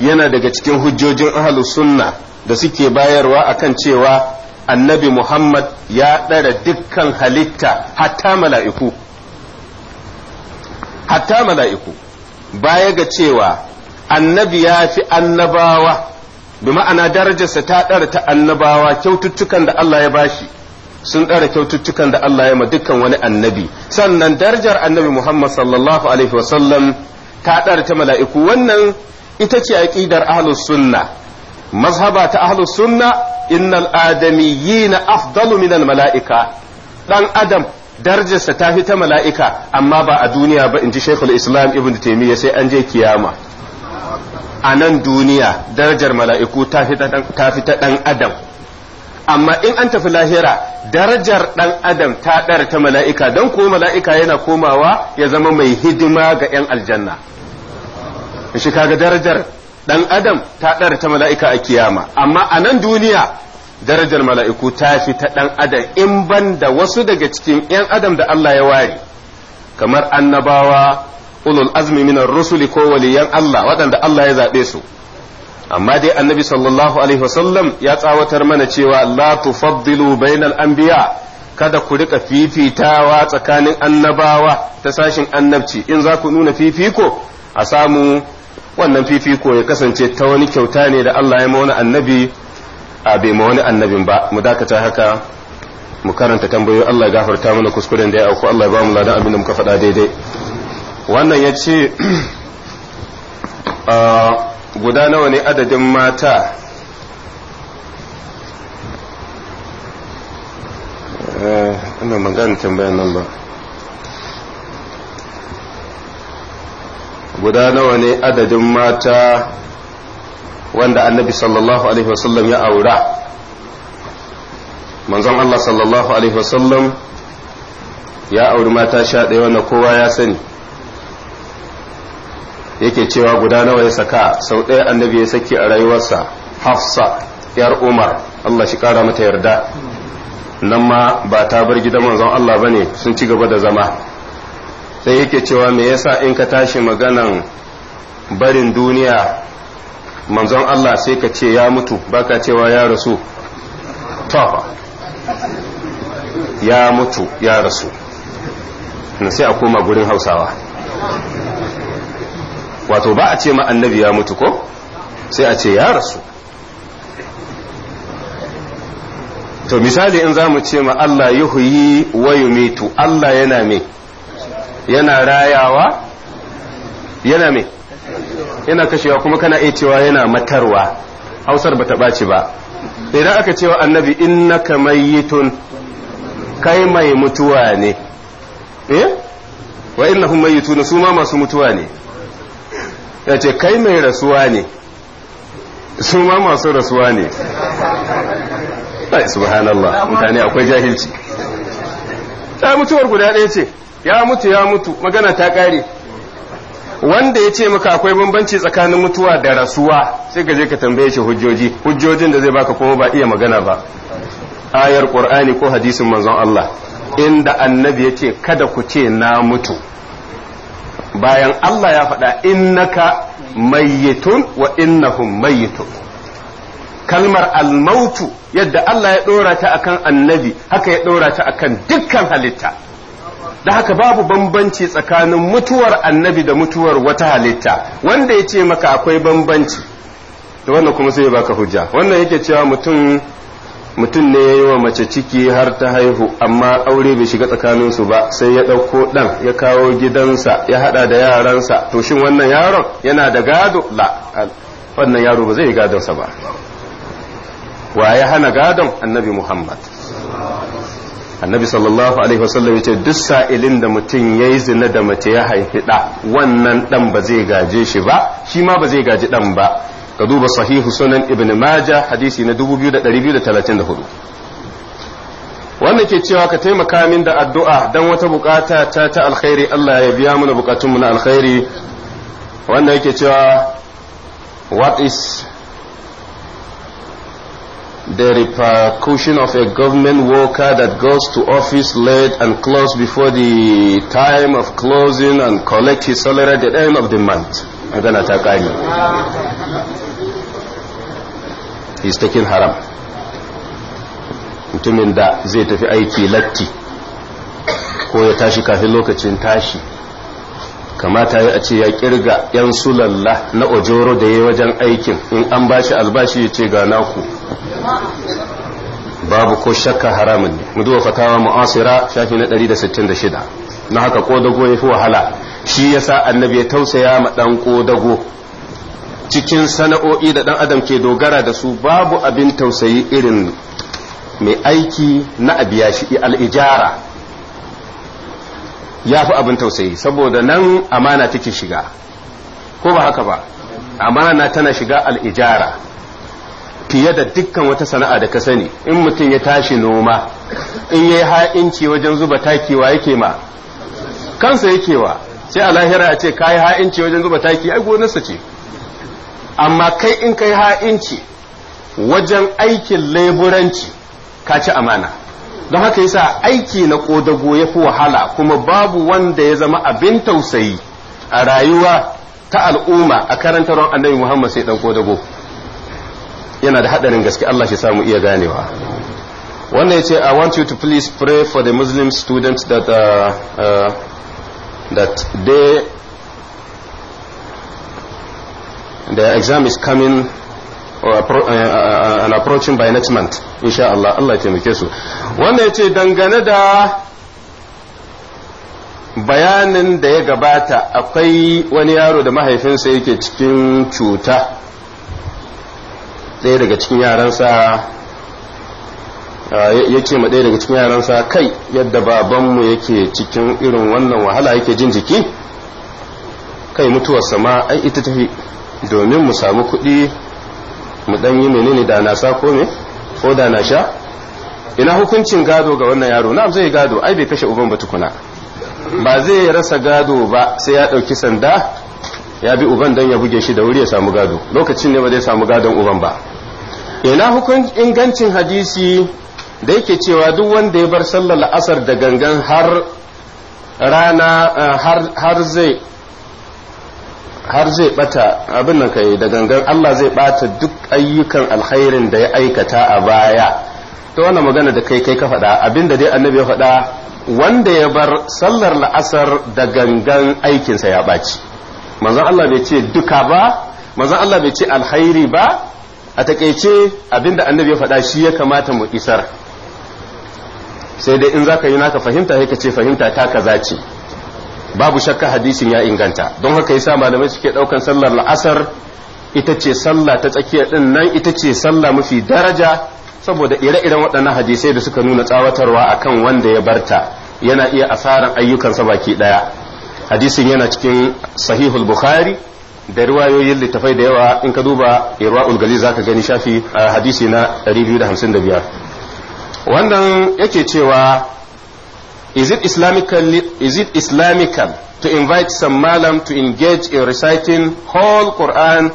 yana daga cikin hujjojin ahlus sunna da suke bayarwa akan cewa annabi Muhammad ya ɗara dukkan halitta hatta mala'iku hatta mala'iku baya ga cewa annabi ya fi annabawa bi ma'ana darajarsa ta ɗara ta annabawa kyaututtukan da Allah ya bashi sun ɗara kyaututtukan da Allah ya ma dukkan wani annabi sannan darajar annabi Muhammad sallallahu alaihi wasallam ta ɗar ta mala'iku wannan ita ce aƙidar ahlus sunna mazhaba ta ahlus sunna innal na afdalu minal mala'ika ɗan adam darajarsa ta fi ta mala'ika amma ba a duniya ba in ji shekul islam ibn taimiyya sai an je kiyama a nan duniya darajar mala'iku ta fi ta ɗan adam amma in an tafi lahira darajar dan adam ta ɗara ta mala'ika don ko mala'ika yana komawa ya zama mai hidima ga 'yan aljanna shi kaga darajar dan adam ta ɗara ta mala'ika a kiyama amma a nan duniya darajar mala'iku ta fi ta ɗan adam in ban da wasu daga cikin 'yan adam da Allah ya ware kamar annabawa ulul azmi minar rusuli ko waliyan Allah waɗanda Allah ya zaɓe su amma dai annabi sallallahu alaihi wasallam ya tsawatar mana cewa la tufaddilu bainal anbiya kada ku rika fifitawa tsakanin annabawa ta sashin annabci in za ku nuna fifiko a samu wannan fifiko ya kasance ta wani kyauta ne da Allah ya wani annabi a bai ma wani annabin ba mu dakata haka mu karanta tambayoyi Allah ya gafarta mana kuskuren da ya auku Allah ya ba mu ladan abin da muka faɗa daidai wannan ya ce ah, guda nawa ne adadin mata eh, ina magana tambayan nan ba guda nawa ne adadin mata wanda annabi sallallahu alaihi wasallam ya aura manzon Allah sallallahu alaihi wasallam ya auri mata sha ɗaya wanda kowa ya sani yake cewa guda nawa ya saka sau ɗaya annabi ya saki a rayuwarsa hafsa yar umar allah shi kara mata yarda nan ma ba ta bar gidan manzon allah ba ne sun ci gaba da zama sai yake cewa me yasa in ka tashi maganan barin duniya manzon allah sai ka ce ya mutu baka cewa ya rasu tofa ya mutu ya rasu na sai a koma gurin hausawa wato ba a ce ma annabi ya mutu ko sai a ce ya rasu to misali in za mu ce ma Allah yuhyi wa yumitu Allah yana me yana rayawa yana me yana kashewa kuma kana iya cewa yana matarwa hausar bata ɓaci ba idan aka cewa annabi innaka mayyitun kai mai mutuwa ne eh wa innahum mayyituna su ma masu mutuwa ne ya ce kai mai rasuwa ne su ma masu rasuwa ne ai subhanallah mutane akwai jahilci ya mutuwar guda ɗaya ce ya mutu ya mutu magana ta ƙare wanda ya ce maka akwai bambanci tsakanin mutuwa da rasuwa sai ka je ka tambaye shi hujjoji hujjojin da zai baka kuma ba iya magana ba ayar qur'ani ko hadisin manzon Allah inda annabi ya ce kada ku ce na mutu bayan Allah ya faɗa innaka mayyitun wa innahum mayyitun kalmar almautu yadda Allah ya ɗora ta akan annabi haka ya ɗora ta akan dukkan halitta da haka babu bambanci tsakanin mutuwar annabi da mutuwar wata halitta wanda ya ce maka akwai bambanci da wannan kuma sai ya baka hujja wannan yake cewa mutum mutum ne ya yi wa mace ciki har ta haihu amma aure bai shiga tsakaninsu ba sai ya ɗauko ɗan ya kawo gidansa ya haɗa da yaransa to shin wannan yaron yana da gado la wannan yaro ba zai yi gadonsa ba wa ya hana gadon annabi muhammad annabi sallallahu alaihi wasallam ya ce duk sa'ilin da mutum ya yi zina da mace ya haifi ɗa wannan ɗan ba zai gaje shi ba shi ma ba zai gaji ɗan ba ka duba sahihu sunan ibn majah hadisi na 2234 wannan ke cewa ka taimaka min da addu'a dan wata bukata ta ta alkhairi Allah ya biya mana mu na alkhairi wannan yake cewa what is the repercussion of a government worker that goes to office late and close before the time of closing and collect his salary at the end of the month. magana ta kare istakin haram mutumin da zai tafi aiki latti ko ya tashi kafin lokacin tashi kamata ya ce ya kirga yan sulalla na ojoro da ya wajen aikin in an bashi albashi ya ce ga naku babu ko shakka haramun ne mu duba fatawa mu'asira shafi na 166 na haka kodago ya fi wahala shi yasa annabi ya tausaya ma dan kodago cikin sana'o'i da ɗan adam ke dogara da su babu abin tausayi irin mai aiki na abiya shi al'ijara ya fi abin tausayi saboda nan amana take shiga ko ba haka ba amana tana shiga al'ijara fiye da dukkan wata sana'a da ka sani in mutum ya tashi noma in ya yi ha'inci wajen zuba takiwa yake ma kansa yake wa sai a lahira a ce ka yi ha'inci wajen zuba taki ai gonarsa ce amma kai in kai ha'inci wajen aikin leburanci ka ci amana don haka yasa aiki na kodago ya fi wahala kuma babu wanda ya zama abin tausayi a rayuwa ta al'umma a karantarwar annabi muhammad sai dan kodago yana da haɗarin gaske allah shi samu iya ganewa wannan ya ce i want you to please pray for the muslim students that, uh, uh, that they the exam is coming or uh, appro uh, uh, uh an approaching by next month insha Allah Allah ya taimake su wannan yace dangane da bayanin da ya gabata akwai wani yaro da mahaifinsa yake cikin cuta ɗaya daga cikin yaransa uh, ya ce ma ɗaya daga cikin yaransa kai yadda babanmu yake cikin irin wannan wahala yake jin jiki kai mutuwarsa ma ai ita tafi domin mu samu kuɗi mu ɗan yi menene da na sa ko me ko da na sha ina hukuncin gado ga wannan yaro na zai gado ai bai kashe uban ba tukuna ba zai rasa gado ba sai ya ɗauki sanda ya bi uban don ya buge shi da wuri ya samu gado lokacin ne ba zai samu gadon uban ba ina hukuncin ingancin hadisi da yake cewa duk wanda ya bar sallar asar da gangan har rana eh, har zai har zai bata abin nan kai da gangan Allah zai bata duk ayyukan alkhairin da ya aikata a baya to wannan magana da kai kai ka faɗa abin da dai annabi ya faɗa wanda ya bar sallar la'asar da gangan aikinsa ya ɓaci manzon Allah bai ce duka ba manzon Allah bai ce alkhairi ba a takaice abin da annabi ya faɗa shi ya kamata mu isar sai dai in zaka yi naka fahimta sai ka ce fahimta ta kaza ce babu shakka hadisin ya inganta don haka yasa malamai suke daukan sallar la'asar ita ce sallah ta tsakiya din nan ita ce sallah mafi daraja saboda ire-iren waɗannan hadisai da suka nuna tsawatarwa akan wanda ya barta yana iya asaran ayyukansa baki daya hadisin yana cikin sahihul bukhari da riwayoyin littafai da yawa in ka duba irwa'ul gali zaka gani shafi hadisi na 255 wannan yake cewa Is it islamical is it Islamical to invite some malam to engage in reciting whole Quran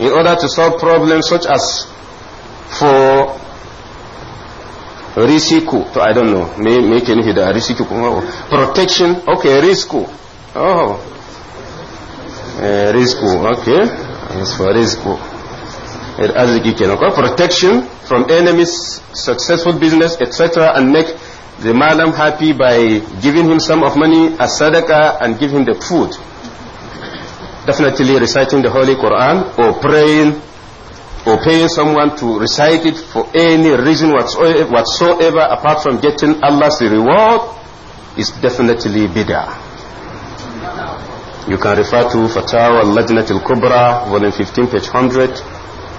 in order to solve problems such as for risiko to I don't know da risiko protection okay oh eh, okay yes for eh, protection from enemies successful business etc and make the madam happy by giving him some of money as sadaqah and give him the food. Definitely reciting the Holy Quran or praying or paying someone to recite it for any reason whatsoever, whatsoever apart from getting Allah's reward is definitely bid'ah. You can refer to Fatawa al-Lajnat al-Kubra, volume 15, page 100,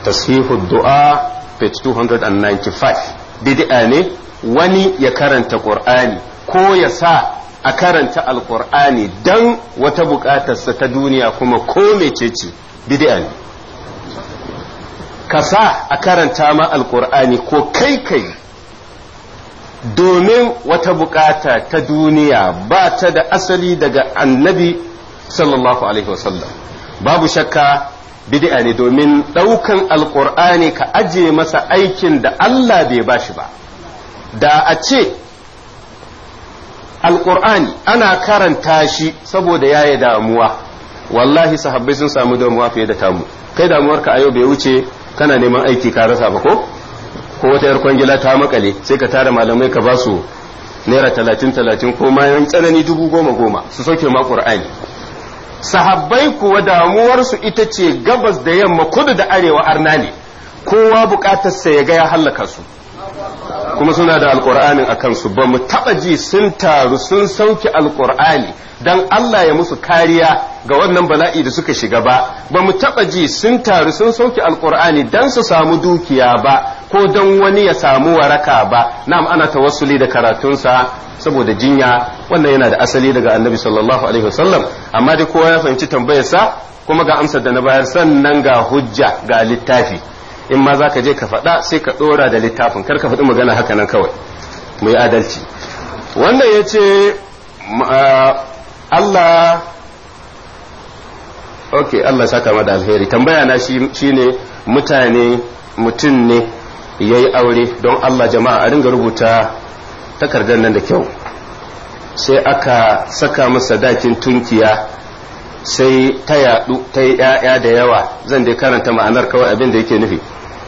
Tashih al-Du'a, page 295. did any wani ya karanta ƙur'ani ko ya sa a karanta alƙur'ani don wata buƙatarsa ta duniya kuma ko mecece bid'a ne ka sa a karanta ma alƙur'ani ko kai kai domin wata buƙata ta duniya ba ta da asali daga annabi sallallahu alaihi wasallam babu shakka bid'a ne domin ɗaukan alƙur'ani ka aje masa aikin da Allah bai bashi ba da a ce alƙur'ani ana karanta shi saboda ya yi damuwa wallahi sahabbai sun samu damuwa fiye da tamu kai damuwarka a yau bai wuce kana neman aiki ka rasa ba ko ko wata yar kwangila ta makale sai ka tara malamai ka ba su naira talatin talatin ko ma yan tsanani dubu goma goma su sauke ma ƙur'ani. sahabbai kuwa damuwarsu ita ce gabas da yamma kudu da arewa arna ne kowa bukatarsa ya ga ya hallaka su kuma suna da alƙur'anin a kansu ba mu taɓa ji sun taru sun sauke alƙur'ani don Allah ya musu kariya ga wannan bala'i da suka shiga ba ba mu taɓa ji sun taru sun sauke alƙur'ani don su samu dukiya ba ko don wani ya samu waraka ba na'am ana tawassuli da karatunsa saboda jinya wannan yana da asali daga annabi sallallahu alaihi wasallam amma dai kowa ya fahimci tambayarsa kuma ga amsar da na bayar sannan ga hujja ga littafi in ma za ka je ka faɗa sai ka ɗora da littafin kar ka faɗi magana haka nan kawai mai adalci wannan ya ce Allah ok Allah saka ma da alheri tambaya na shi ne mutane mutum ne ya yi aure don Allah jama'a a ringa rubuta takardar nan da kyau sai aka saka masa dakin tunkiya sai ta yaɗu ta yi ‘ya'ya da yawa zan dai karanta ma'anar kawai abin da yake nufi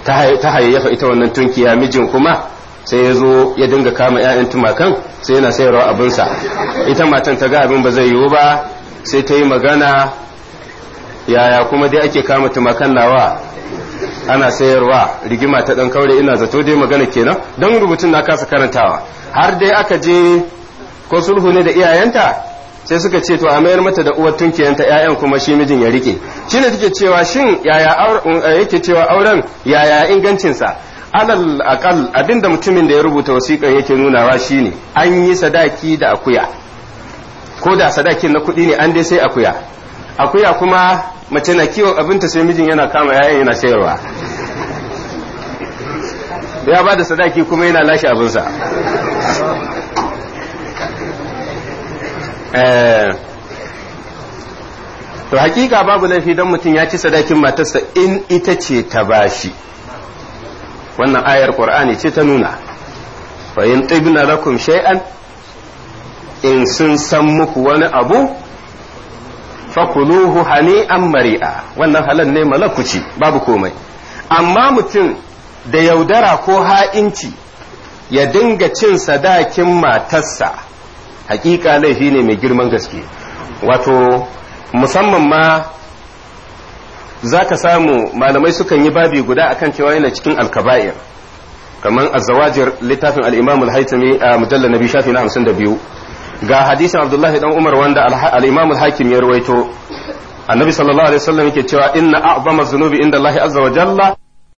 ta hayayyafa ita wannan tunkiya mijin kuma sai ya zo ya dinga kama 'ya'yan tumakan sai yana sayarwa abinsa ita matan ta ga abin ba zai yiwu ba sai ta yi magana yaya kuma dai ake kama tumakan nawa ana sayarwa rigima ta dan kaure ina zato dai magana kenan don rubutun na kasa karantawa har dai aka je ko sulhu ne da iyayenta sai suka ce to a mayar mata da uwar tunkiyan ta ƴaƴan kuma shi mijin ya rike shi ne take cewa shin yaya mm, eh, yake cewa auren yaya ingancin sa alal aqal abinda mutumin da ya rubuta wasiƙar yake nunawa shine an yi sadaki da akuya ko da sadakin na kuɗi ne an dai sai akuya akuya kuma mace na kiwon abinta sai mijin yana kama yayan yana sayarwa ya ba da sadaki kuma yana lashe abinsa Eh. to hakika babu laifi don mutum ya ci sadakin matarsa in ita ce ta bashi wannan ayar qur'ani ce ta nuna bayan in lakum shay'an in sun san muku wani abu fakuluhu hani'an mari'a wannan halal ne malakuci babu komai amma mutum da yaudara ko ha'inci ya dinga cin sadakin matarsa hakika laifi ne mai girman gaske wato musamman ma za ka samu malamai sukan yi babi guda akan cewa yana cikin alkaba'ir kamar azawajir littafin al'imamul haitami a mujallar nabi shafi na hamsin da biyu ga hadisin abdullahi dan umar wanda al'imamul hakim ya rawaito annabi sallallahu alaihi wasallam yake cewa inna a'zama zunubi inda allahi azza wa jalla